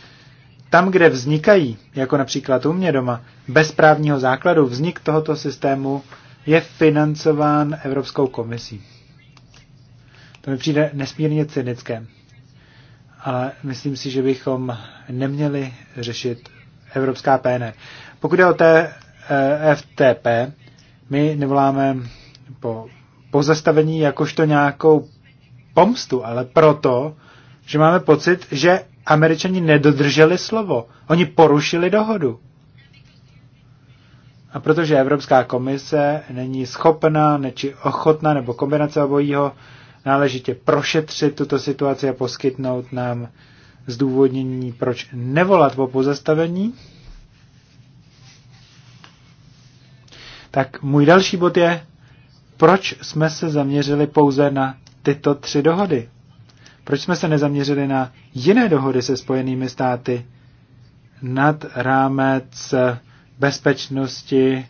tam, kde vznikají, jako například u mě doma, bez právního základu, vznik tohoto systému je financován Evropskou komisí. To mi přijde nesmírně cynické. Ale myslím si, že bychom neměli řešit evropská PN. Pokud je o té eh, FTP, my nevoláme po pozastavení jakožto nějakou pomstu, ale proto, že máme pocit, že američani nedodrželi slovo. Oni porušili dohodu. A protože Evropská komise není schopná, neči ochotná, nebo kombinace obojího, náležitě prošetřit tuto situaci a poskytnout nám zdůvodnění, proč nevolat po pozastavení, tak můj další bod je, proč jsme se zaměřili pouze na tyto tři dohody. Proč jsme se nezaměřili na jiné dohody se spojenými státy nad rámec bezpečnosti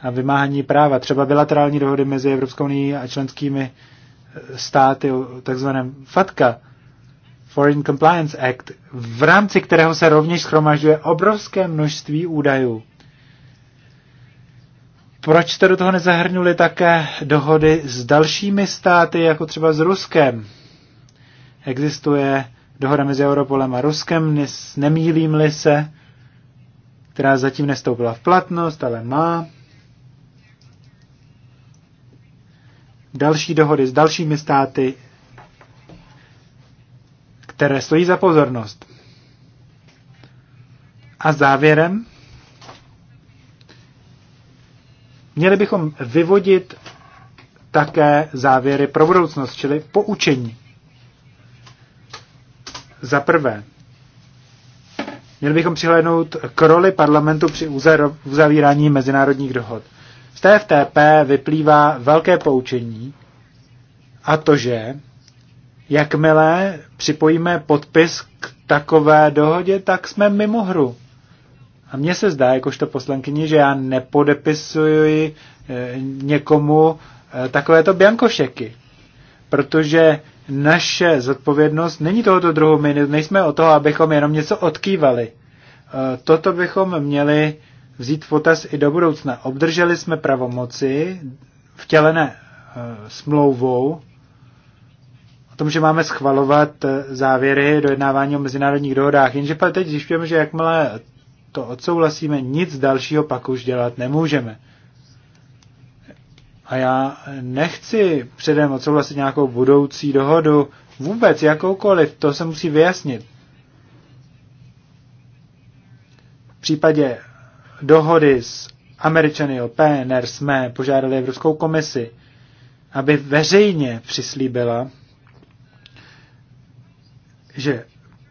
a vymáhání práva? Třeba bilaterální dohody mezi Evropskou unii a členskými eh, státy, takzvaném FATCA, Foreign Compliance Act, v rámci kterého se rovněž schromažďuje obrovské množství údajů. Proč jste do toho nezahrnuli také dohody s dalšími státy, jako třeba s Ruskem? Existuje dohoda mezi Europolem a Ruskem, nemýlím-li se, která zatím nestoupila v platnost, ale má. Další dohody s dalšími státy, které stojí za pozornost. A závěrem, měli bychom vyvodit také závěry pro budoucnost, čili poučení. Za prvé, měli bychom přihlédnout k roli parlamentu při uzavírání mezinárodních dohod. Z TFTP vyplývá velké poučení a to, že jakmile připojíme podpis k takové dohodě, tak jsme mimo hru. A mně se zdá, jakožto poslankyni, že já nepodepisuji eh, někomu eh, takovéto biankošeky. Protože naše zodpovědnost není tohoto druhu. My nejsme o toho, abychom jenom něco odkývali. E, toto bychom měli vzít v potaz i do budoucna. Obdrželi jsme pravomoci vtělené e, smlouvou o tom, že máme schvalovat e, závěry dojednávání o mezinárodních dohodách. Jenže teď zjišťujeme, že jakmile to odsouhlasíme, nic dalšího pak už dělat nemůžeme. A já nechci předem odsouhlasit nějakou budoucí dohodu, vůbec jakoukoliv, to se musí vyjasnit. V případě dohody s Američany o PNR jsme požádali Evropskou komisi, aby veřejně přislíbila, že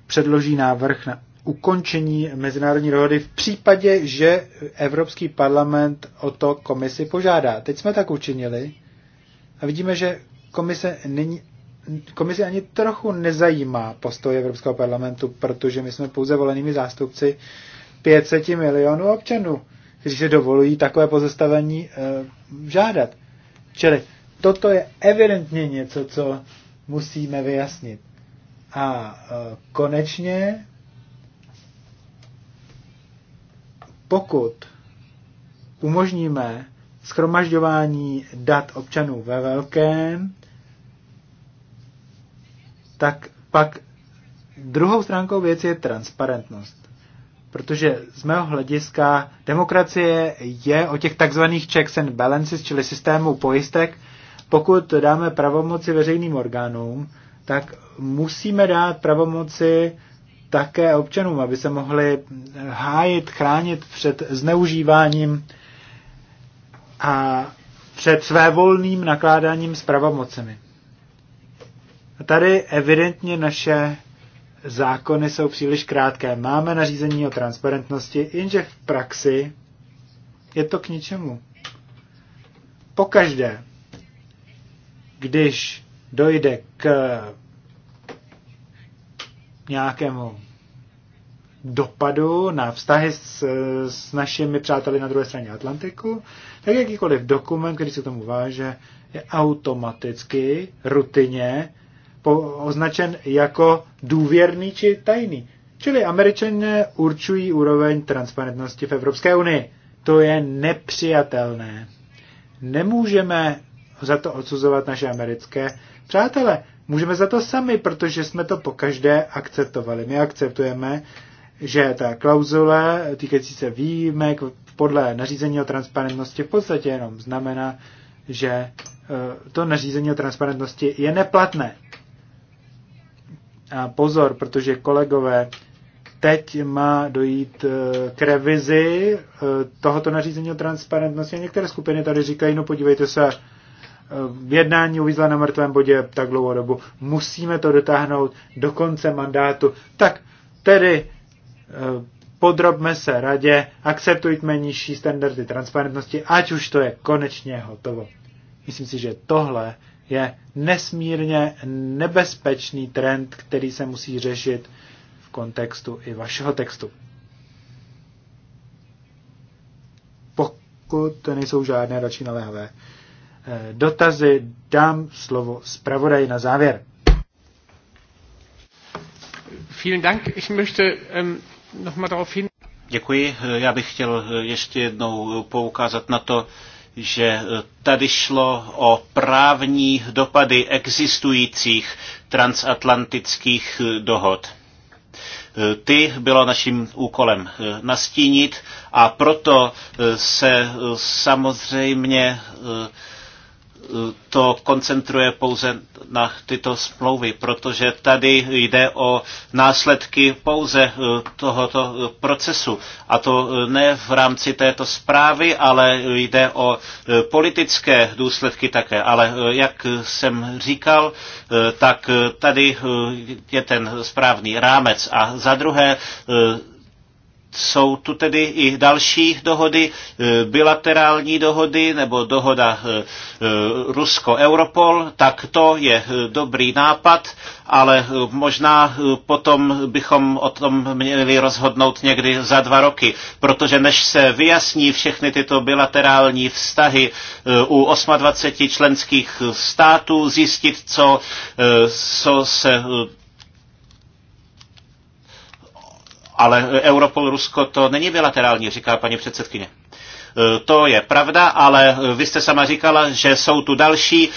předloží návrh na ukončení mezinárodní dohody v případě, že Evropský parlament o to komisi požádá. Teď jsme tak učinili a vidíme, že komise není, komise ani trochu nezajímá postoj Evropského parlamentu, protože my jsme pouze volenými zástupci 500 milionů občanů, kteří se dovolují takové pozastavení e, žádat. Čili toto je evidentně něco, co musíme vyjasnit. A e, konečně pokud umožníme schromažďování dat občanů ve velkém, tak pak druhou stránkou věci je transparentnost. Protože z mého hlediska demokracie je o těch takzvaných checks and balances, čili systému pojistek. Pokud dáme pravomoci veřejným orgánům, tak musíme dát pravomoci také občanům, aby se mohli hájit, chránit před zneužíváním a před svévolným nakládáním s pravomocemi. A tady evidentně naše zákony jsou příliš krátké. Máme nařízení o transparentnosti, jenže v praxi je to k ničemu. Pokaždé, když dojde k nějakému dopadu na vztahy s, s našimi přáteli na druhé straně Atlantiku, tak jakýkoliv dokument, který se k tomu váže, je automaticky, rutině po, označen jako důvěrný či tajný. Čili američané určují úroveň transparentnosti v Evropské unii. To je nepřijatelné. Nemůžeme za to odsuzovat naše americké přátele, můžeme za to sami, protože jsme to pokaždé akceptovali. My akceptujeme, že ta klauzule týkající se výjimek podle nařízení o transparentnosti v podstatě jenom znamená, že e, to nařízení o transparentnosti je neplatné. A pozor, protože kolegové, teď má dojít e, k revizi e, tohoto nařízení o transparentnosti a některé skupiny tady říkají, no podívejte se, v jednání uvízla na mrtvém bodě tak dlouhou dobu. Musíme to dotáhnout do konce mandátu. Tak tedy eh, podrobme se radě, akceptujme nižší standardy transparentnosti, ať už to je konečně hotovo. Myslím si, že tohle je nesmírně nebezpečný trend, který se musí řešit v kontextu i vašeho textu. Pokud nejsou žádné další naléhavé Eh, dotazy, dám slovo zpravodaji na závěr. Vielen Dank. Ich möchte ähm, darauf hin. Děkuji. Eh, já bych chtěl eh, ještě jednou poukázat na to, že tady šlo o právní dopady existujících transatlantických dohod. Ty bylo naším úkolem nastínit a proto se samozřejmě to koncentruje pouze na tyto smlouvy, protože tady jde o následky pouze eh, tohoto eh, procesu. A to eh, ne v rámci této zprávy, ale jde o politické důsledky také. Ale jak jsem říkal, tak tady je ten správný rámec. A za druhé, jsou tu tedy i další dohody, e, bilaterální dohody nebo dohoda e, e, Rusko-Europol, tak to je dobrý nápad, ale možná potom bychom o tom měli rozhodnout někdy za dva roky, protože než se vyjasní všechny tyto bilaterální vztahy u 28 členských států, zjistit, co, co se ale e, Europol Rusko to není bilaterální, říká paní předsedkyně. E, to je pravda, ale e, vy jste sama říkala, že jsou tu další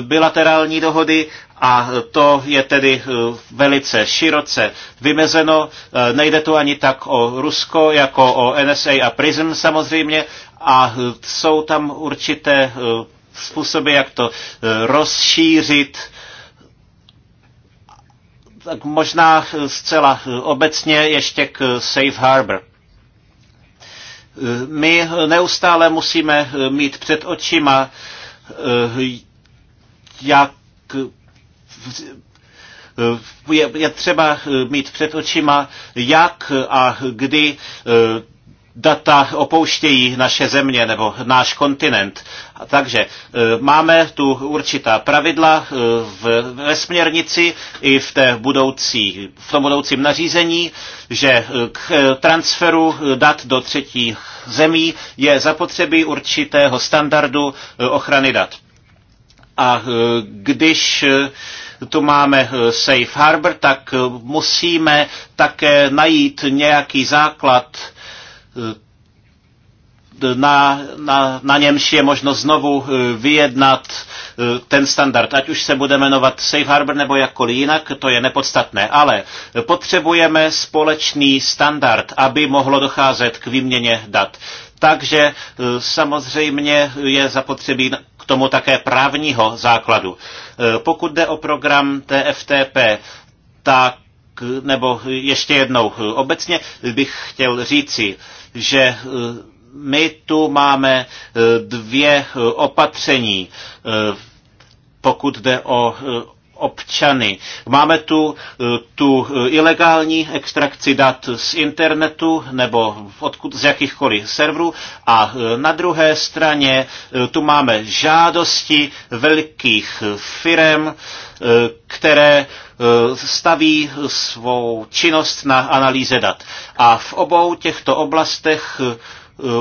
bilaterální dohody a to je tedy velice široce vymezeno. Nejde tu ani tak o Rusko, jako o NSA a PRISM samozřejmě a jsou tam určité způsoby, jak to rozšířit tak možná eh, zcela eh, obecně ještě k eh, Safe Harbor. My neustále musíme mít před očima, jak je, je třeba mít před očima, jak a kdy data opouštějí naše země nebo náš kontinent. Takže e, máme tu určitá pravidla e, v, ve směrnici i v, té budoucí, v tom budoucím nařízení, že e, k transferu dat do třetích zemí je zapotřebí určitého standardu ochrany dat. A když tu máme Safe Harbor, tak musíme také najít nějaký základ E, na, na, na němž je možno znovu e, vyjednat e, ten standard, ať už se bude jmenovat Safe Harbor nebo jakkoliv jinak, to je nepodstatné, ale potřebujeme společný standard, aby mohlo docházet k výměně dat. Takže samozřejmě je zapotřebí k tomu také právního základu. Pokud jde o program TFTP, tak nebo ještě jednou obecně bych chtěl říci, že eh, my tu máme eh, dvě eh, opatření, pokud jde o občany. Máme tu tu ilegální extrakci dat z internetu nebo odkud, z jakýchkoliv serverů a na druhé straně tu máme žádosti velkých firm, které Eh, staví svou činnost na analýze dat. A v obou těchto oblastech eh,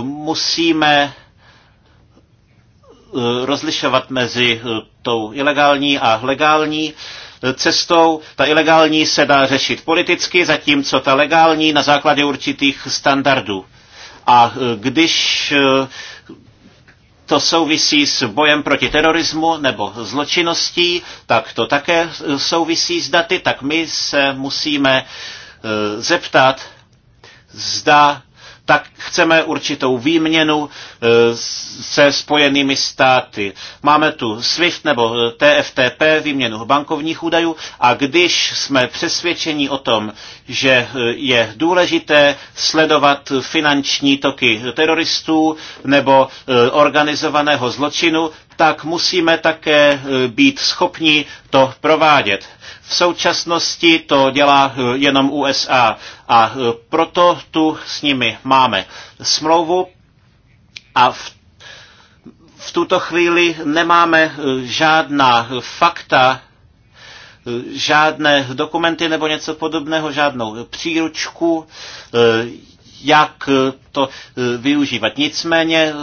musíme eh, rozlišovat mezi tou ilegální a legální cestou. Ta ilegální se dá řešit politicky, zatímco ta legální na základě určitých standardů. A když to souvisí s bojem proti terorismu nebo zločinností, tak to také e, souvisí s daty, tak my se musíme e, zeptat, zda tak chceme určitou výměnu e, se spojenými státy. Máme tu SWIFT nebo e, TFTP, výměnu bankovních údajů a když jsme přesvědčeni o tom, že e, je důležité sledovat finanční toky teroristů nebo organizovaného zločinu, tak musíme také e, být schopni to provádět. V současnosti to dělá e, jenom USA a e, proto tu s nimi máme smlouvu a v v tuto chvíli nemáme žádná fakta, žádné dokumenty nebo něco podobného, žádnou příručku, jak to využívat. Nicméně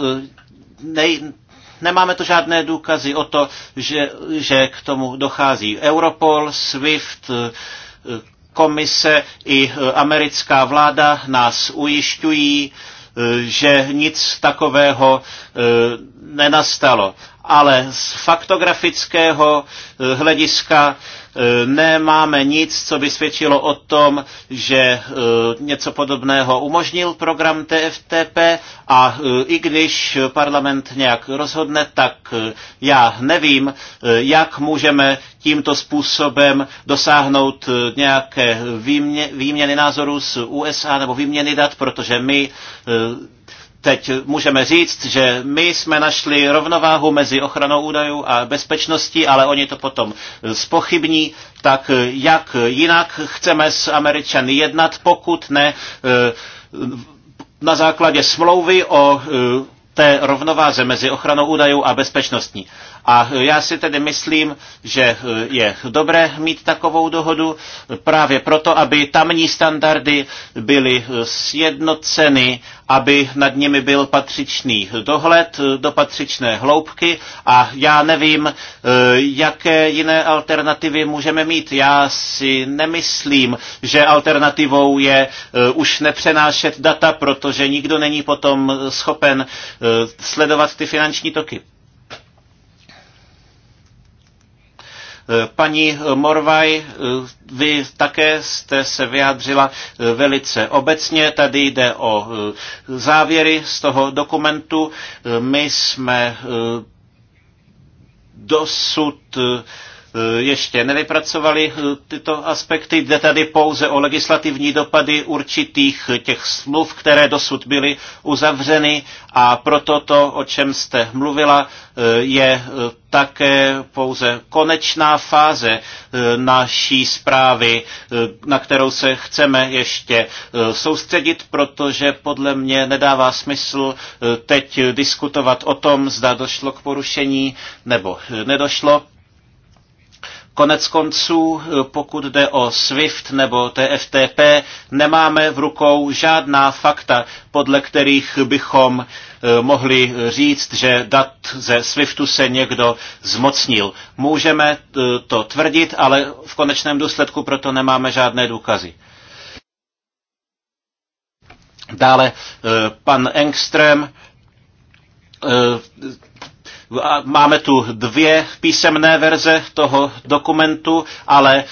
nej, Nemáme to žádné důkazy o to, že, že k tomu dochází. Europol, SWIFT, eh, komise i eh, americká vláda nás ujišťují, eh, že nic takového nenastalo. Ale z faktografického hlediska E, nemáme nic, co by svědčilo o tom, že e, něco podobného umožnil program TFTP a e, i když parlament nějak rozhodne, tak já nevím, jak můžeme tímto způsobem dosáhnout nějaké výměny názorů s USA nebo výměny dat, protože my teď můžeme říct, že my jsme našli rovnováhu mezi ochranou údajů a bezpečností, ale oni to potom spochybní, tak jak jinak chceme s Američany jednat, pokud ne eh, na základě smlouvy o eh, té rovnováze mezi ochranou údajů a bezpečnostní. A já si tedy myslím, že eh, je dobré mít takovou dohodu právě proto, aby tamní standardy byly eh, sjednoceny, aby nad nimi byl patřičný dohled eh, do patřičné hloubky a já nevím, jaké jiné alternativy můžeme mít. Já si nemyslím, že alternativou je už nepřenášet data, protože nikdo není potom schopen sledovat ty finanční toky. Paní Morvaj, vy také jste se vyjádřila eh, velice obecně. Tady jde o eh, závěry z toho dokumentu. Eh, my jsme dosud Eh, ještě nevypracovali eh, tyto aspekty. Jde tady pouze o legislativní dopady určitých eh, těch smluv, které dosud byly uzavřeny a proto to, o čem jste mluvila, je také pouze konečná fáze naší zprávy, na kterou se chceme ještě soustředit, protože podle mě nedává smysl teď diskutovat o tom, zda došlo k porušení nebo nedošlo Konec konců, pokud jde o SWIFT nebo TFTP, nemáme v rukou žádná fakta, podle kterých bychom eh, mohli říct, že dat ze SWIFTu se někdo zmocnil. Můžeme eh, to tvrdit, ale v konečném důsledku proto nemáme žádné důkazy. Dále eh, pan Engström Máme tu dvě písemné verze toho dokumentu, ale e,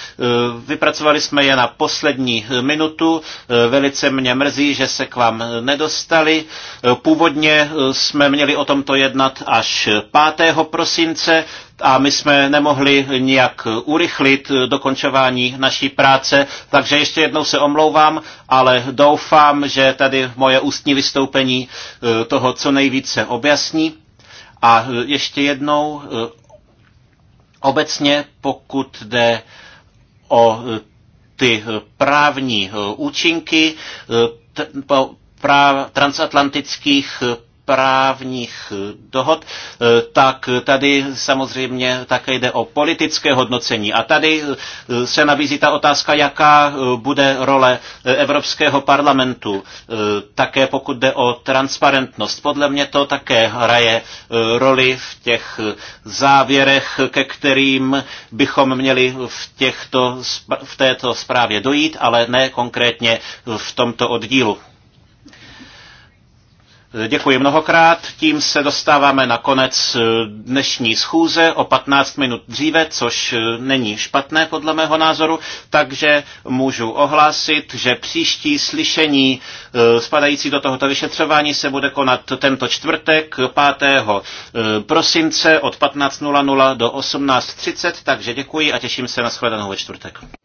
vypracovali jsme je na poslední minutu. E, velice mě mrzí, že se k vám nedostali. E, původně jsme měli o tomto jednat až 5. prosince, a my jsme nemohli nijak urychlit dokončování naší práce, takže ještě jednou se omlouvám, ale doufám, že tady moje ústní vystoupení toho co nejvíce objasní. A e, ještě jednou, e, obecně pokud jde o e, ty právní účinky, transatlantických právních dohod, eh, tak tady samozřejmě také jde o politické hodnocení. A tady eh, se nabízí ta otázka, jaká eh, bude role Evropského parlamentu, také pokud jde o transparentnost. Podle mě to také hraje roli v těch závěrech, ke kterým bychom měli v, těchto, v této zprávě dojít, ale ne konkrétně v tomto oddílu. Děkuji mnohokrát. Tím se dostáváme na konec eh, dnešní schůze o 15 minut dříve, což eh, není špatné podle mého názoru, takže můžu ohlásit, že příští slyšení eh, spadající do tohoto vyšetřování se bude konat tento čtvrtek 5. prosince od 15.00 do 18.30, takže děkuji a těším se na shledanou ve čtvrtek.